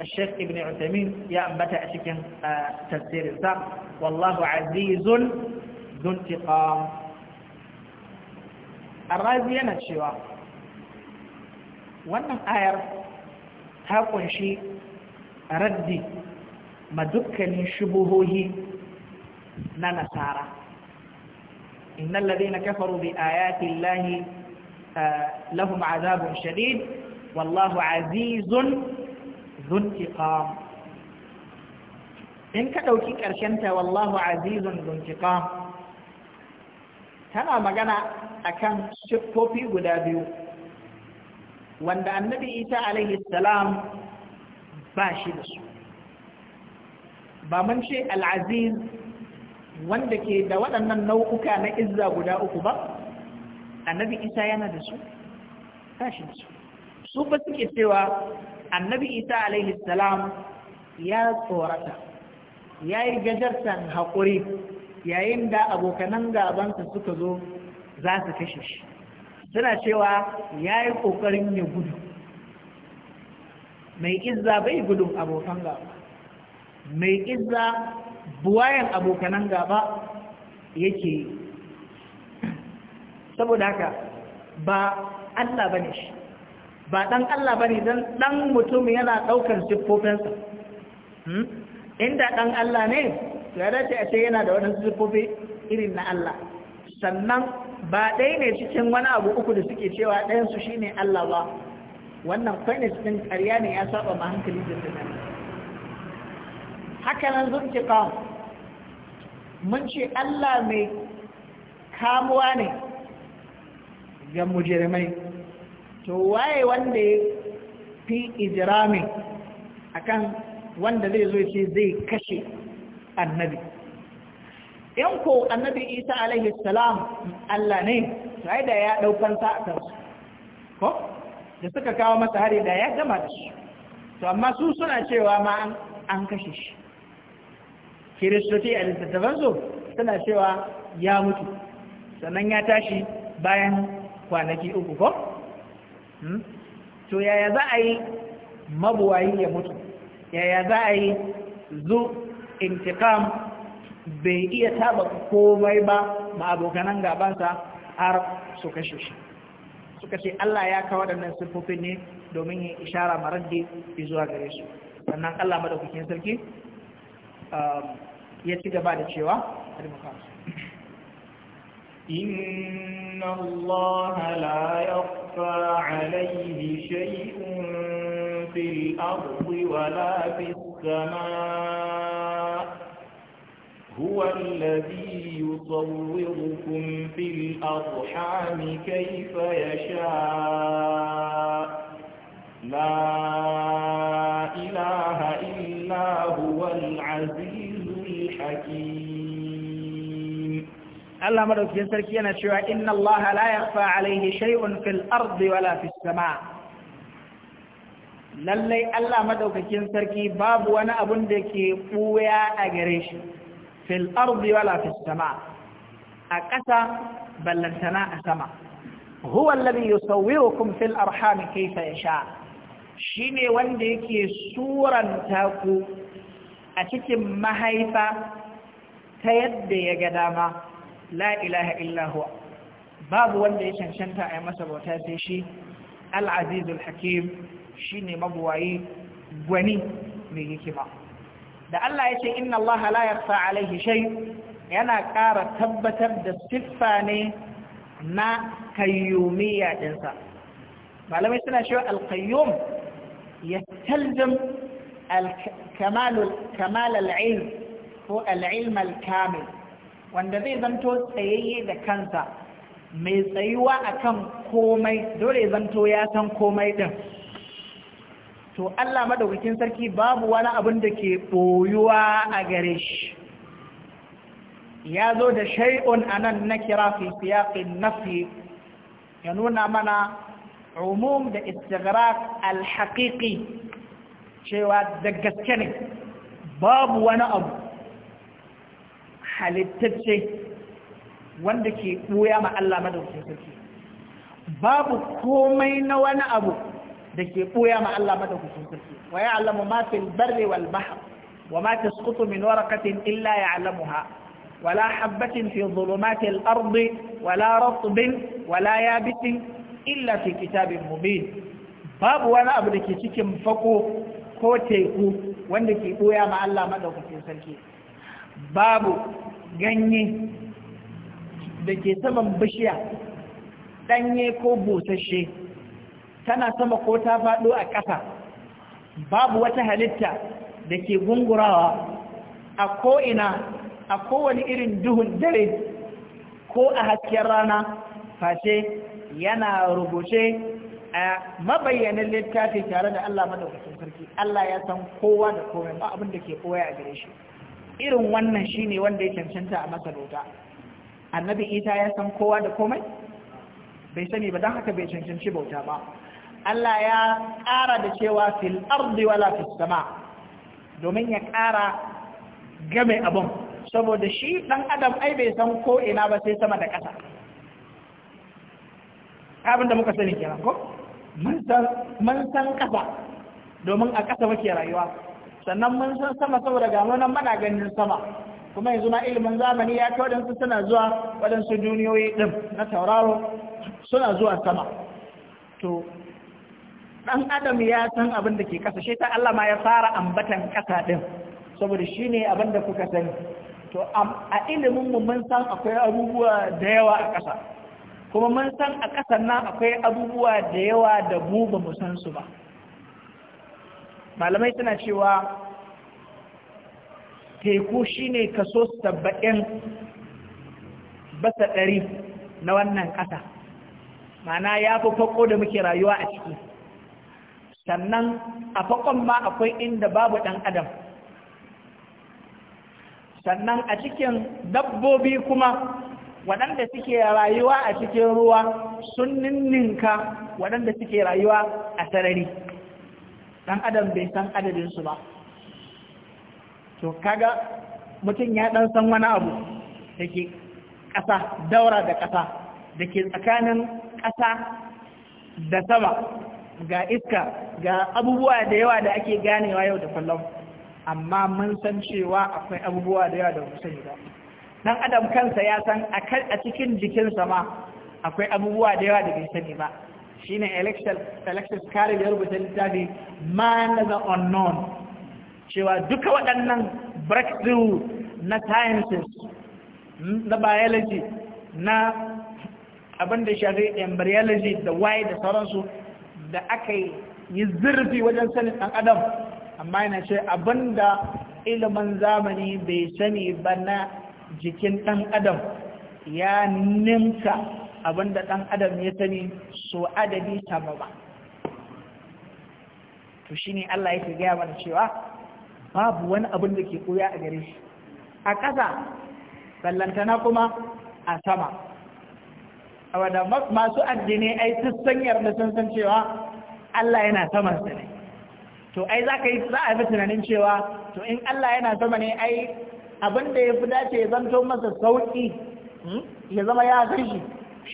الشيخ ابن عثيمين يا متى اشكن آه، تفسير الزق والله عزيز ذو انتقام الرازي انا تشوى وانا اير تاقن شي ردي ما دكني شبهه ننسارة إن الذين كفروا بآيات الله آه، لهم عذاب شديد والله عزيز zuntiqam in ka ɗauki ta wallahu azizun zuntiqam tana magana a kan siffofi guda biyu wanda annabi isa alaihi salam ba shi da su ba mun ce al'aziz wanda ke da waɗannan nau'uka na izza guda uku ba annabi isa yana da su shi da su su ba suke cewa annabi isa alaihi salam ya tsorata ya yi gajartan haƙuri yayin da abokanan gabansa suka zo za su kashe shi suna cewa ya yi ƙoƙarin ya gudu mai izza bai gudun abokan gaba mai izza buwayen abokanan gaba yake saboda haka ba Allah bane shi ba ɗan Allah ba ne don ɗan mutum yana ɗaukar siffofinsa hmm? inda ɗan Allah ne ya dace a ce yana da waɗansu siffofi irin na Allah sannan ba ɗaya ne cikin wani abu uku da suke cewa ɗayan su ne Allah ba wannan kwanis cikin ƙarya ne ya saba ma hankali da tunani haka nan zuntiqa mun ce Allah mai kamuwa ne ga mujirmai to waye wanda ya fi a akan wanda zai zo ce zai kashe annabi in ko annabi isa alaihi salam Allah ne sai da ya daukan sa a kansu ko da suka kawo masa hari da ya gama da shi to amma su suna cewa ma an kashe shi kiristoci a littattafansu suna cewa ya mutu sannan ya tashi bayan kwanaki uku ko Hmm? to yaya za a yi mabuwayi ya mutu yaya za a yi zu intikam bai iya taba komai ba ma abokanan gabansa har su kashe shi suka ce Allah ya kawo waɗannan siffofin ne domin ya ishara ya zuwa gare su sannan Allah madaukakin sarki um, ya ci gaba da cewa a إن الله لا يخفى عليه شيء في الأرض ولا في السماء هو الذي يصوركم في الأرحام كيف يشاء لا إله إلا هو العزيز Allah madaukakin sarki yana cewa inna Allah la yakhfa alayhi shay'un fil ardi wala fis lallai Allah madaukakin sarki babu wani abun da ke buya a gare shi fil ardi wala fis sama' a ƙasa ballantana a sama huwa alladhi yusawwirukum fil arham kayfa yasha shine wanda yake suranta ku a cikin mahaifa ta yadda ya ga dama la ilaha illa babu wanda ya cancanta a yi masa bauta sai shi al-azizul hakim shine mabuwayi gwani mai hikima da Allah ya ce inna Allah la yarfa alaihi shai yana ƙara tabbatar da siffa ne na kayyumiya ɗinsa malamai suna cewa alkayyum ya yastalzim al ko al kamil wanda zai zanto tsayayye da kansa mai tsayuwa akan komai dole zanto ya san komai ɗin to Allah maɗaukakin sarki babu wani abin da ke ɓoyuwa a gare shi ya zo da a nan na kira fi na nafi ya nuna mana umum da istighraq alhaƙiƙi cewa da gaske ne babu wani abu halittacce wanda ke ɓoya ma Allah madaukakin sarki babu komai na wani abu da ke ɓoya ma Allah madaukakin sarki wa ya alamu ma wal wa ma min illa wala fi ardi wala wala yabisin illa fi kitabin mubin babu wani abu da ke cikin fako ko teku wanda ke ɓoya ma Allah madaukakin sarki babu ganye da ke saman bishiya ɗanye ko busasshe tana sama ko ta faɗo a ƙasa babu wata halitta da ke gungurawa a ko'ina a kowane irin duhun dare ko a hasken rana face yana rubuce a mabayyanin littafi tare da Allah madaukakin sarki Allah ya san kowa da komai ba abin da ke koya a gare shi irin wannan shi ne wanda ya cancanta a masa bauta annabi isa ya san kowa da komai bai sani ba don haka bai cancanci bauta ba Allah ya ƙara da cewa fil ardi wala fis sama domin ya ƙara game abin saboda shi ɗan adam ai bai san ko ina ba sai sama da ƙasa abin muka sani kenan ko mun san ƙasa domin a ƙasa muke rayuwa sannan mun san sama saboda ga nan mana ganin sama kuma yanzu na ilimin zamani ya kai waɗansu suna zuwa waɗansu duniyoyi ɗin na tauraro suna zuwa sama to ɗan adam ya san abin da ke ƙasa shi ta Allah ma ya fara ambatan ƙasa ɗin saboda shi ne abin da kuka sani to a ilimin mu mun san akwai abubuwa da yawa a ƙasa kuma mun san a ƙasar nan akwai abubuwa da yawa da mu ba mu san su ba malamai suna cewa teku shine kaso saba'in basa ɗari na wannan ƙasa mana ya fi fako da muke rayuwa a ciki sannan a fakon ma akwai inda babu ɗan adam sannan a cikin dabbobi kuma waɗanda suke rayuwa a cikin ruwa sun ninninka waɗanda suke rayuwa a sarari dan adam bai san adadin su ba to kaga mutum ya ɗan san wani abu da ke ƙasa daura da ƙasa da ke tsakanin ƙasa da sama ga iska ga abubuwa da yawa da ake ganewa yau da kullum amma mun san cewa akwai abubuwa da yawa da sani ba dan adam kansa ya san a cikin jikinsa ma akwai abubuwa da yawa da bai sani ba Shi ne Alexis kare ya rubuta littafi Man the Unknown cewa duka waɗannan breakthrough na sciences hmm, na biology na abin da shafi embryology da y da sauransu da aka yi zurfi wajen sanin ɗan adam amma yana ce abin da ilimin zamani bai sani ba na jikin ɗan adam ya ninka abinda ɗan adam ya sani so adadi ba. to shi ne Allah ke gaya mana cewa babu wani abin da ke koya a gare shi a ƙasa ballantana kuma a sama a wadda masu addini ai sanyar da sun san cewa Allah yana saman su ne to ai za ka yi za a fi tunanin cewa to in Allah yana sama ne ai abin da ya fi dace ya zanto masa sauƙi hmm, ya zama ya san shi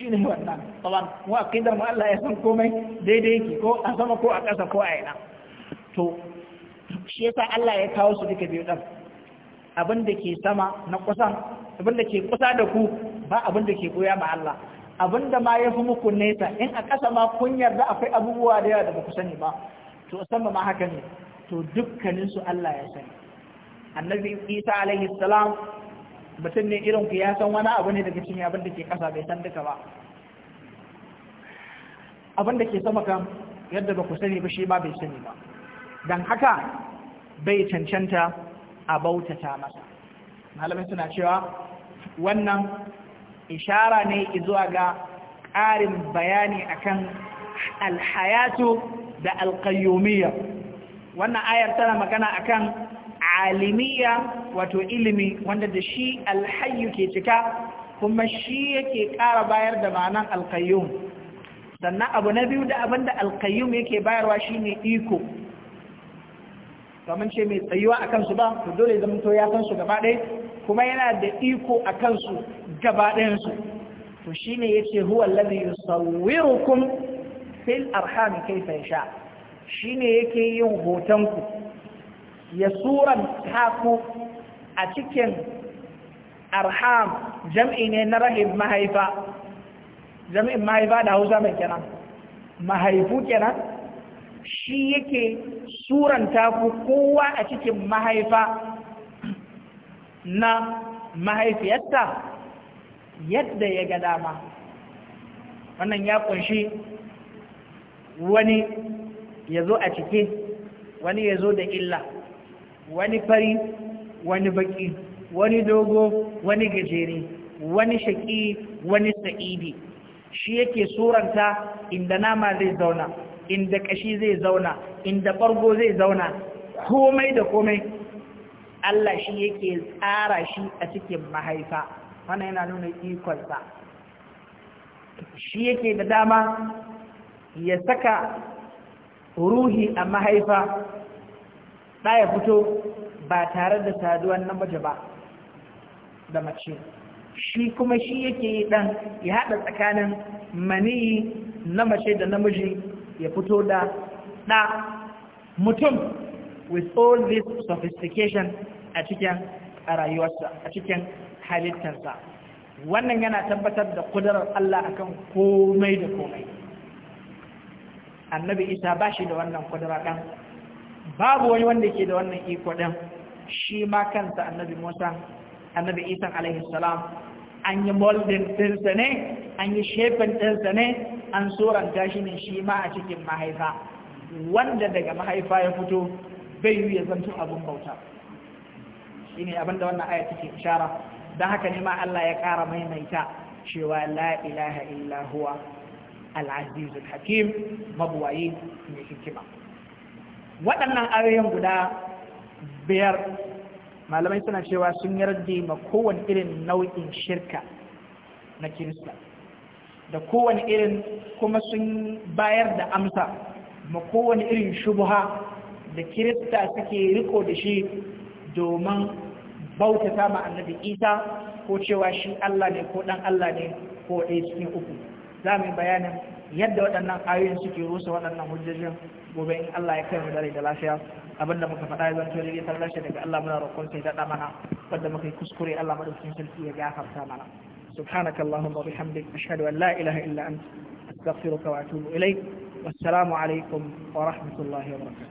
ne wannan taban wa aqidar mu Allah ya san komai daidai yake ko a sama ko a ƙasa ko a yana to shi yasa Allah ya kawo su duka biyu ɗan abin da ke sama na kusa abin da ke kusa da ku ba abin da ke goya ma Allah abin da ma ya fi muku nesa in a ƙasa ma kun yarda akwai abubuwa da yawa da ba ku sani ba to sama ma haka ne to dukkaninsu Allah ya sani annabi Isa alaihi salam mutum ne irin ku ya san wani abu ne daga cikin abin da ke kasa bai san duka ba abin da ke sama kan yadda ba ku sani ba shi ma bai sani ba don haka bai cancanta a bautata masa malamai suna cewa wannan ishara ne zuwa ga ƙarin bayani akan alhayatu da alƙayyumiyya wannan ayar tana magana akan al'alimiyya wato ilimi wanda da shi alhayyu ke cika kuma shi yake ƙara bayar da ma'anan alkayyum sannan abu na biyu da abinda alkayyum yake bayarwa shine iko kamar ce mai tsayuwa a kansu ba to dole zama to ya kansu gaba ɗaya kuma yana da iko a kansu gaba ɗayansu to shine yace huwa allazi yusawwirukum fil arham kayfa shi shine yake yin hoton ku ya suran taku a cikin arham jam'i ne na rahim mahaifa jam'in mahaifa da hausa mai kenan mahaifu kenan shi yake suran taku kowa a cikin mahaifa na mahaifiyarta yadda ya ga dama wannan ya kunshi wani ya zo a cike wani ya zo da illa wani fari wani baki wani dogo wani gajere wani shaki wani sa'idi shi yake suranta inda nama zai zauna inda kashi zai zauna inda bargo zai zauna komai da komai Allah shi yake tsara shi a cikin mahaifa wannan yana nuna ikonsa shi yake da dama ya saka ruhi a mahaifa ya fito ba tare da saduwan namiji ba da mace shi kuma shi yake yi ɗan ya haɗa tsakanin maniyi na mace da namiji ya fito da ɗa mutum with all this sophistication a cikin rayuwarsa a cikin halittarsa wannan yana tabbatar da kudurar Allah akan komai da komai annabi isa bashi da wannan kudura ɗan babu wani wanda ke da wannan iko ɗin shi ma kansa annabi musa annabi isan alaihi salam an yi moldin ɗinsa ne an yi shefin ɗinsa ne an tsoranta shi ne shi ma a cikin mahaifa wanda daga mahaifa ya fito bai yi ya zanto abin bauta shi ne abin da wannan aya take ishara don haka ne ma Allah ya ƙara maimaita cewa la ilaha illa huwa al-azizul hakim mabwayi mai hikima waɗannan ayoyin guda biyar malamai suna cewa sun yarda ma kowane irin nau'in shirka na kirista da kowane irin kuma sun bayar da amsa ma kowane irin shubuha da kirista suke riko da shi domin bautata ma annabi isa ko cewa shi allah ne ko dan allah ne ko ɗaya cikin uku za mu yi bayanin yadda waɗannan ayoyin suke rusa waɗannan hujjajin gobe in Allah ya kai mu dare da lafiya abin da muka faɗa zan tori ta lashe daga Allah muna roƙon sai daɗa mana wanda muka yi kuskure Allah madaukakin sarki ya gafarta mana سبحانك اللهم وبحمدك أشهد أن لا إله إلا أنت أستغفرك وأتوب إليك والسلام عليكم ورحمة الله وبركاته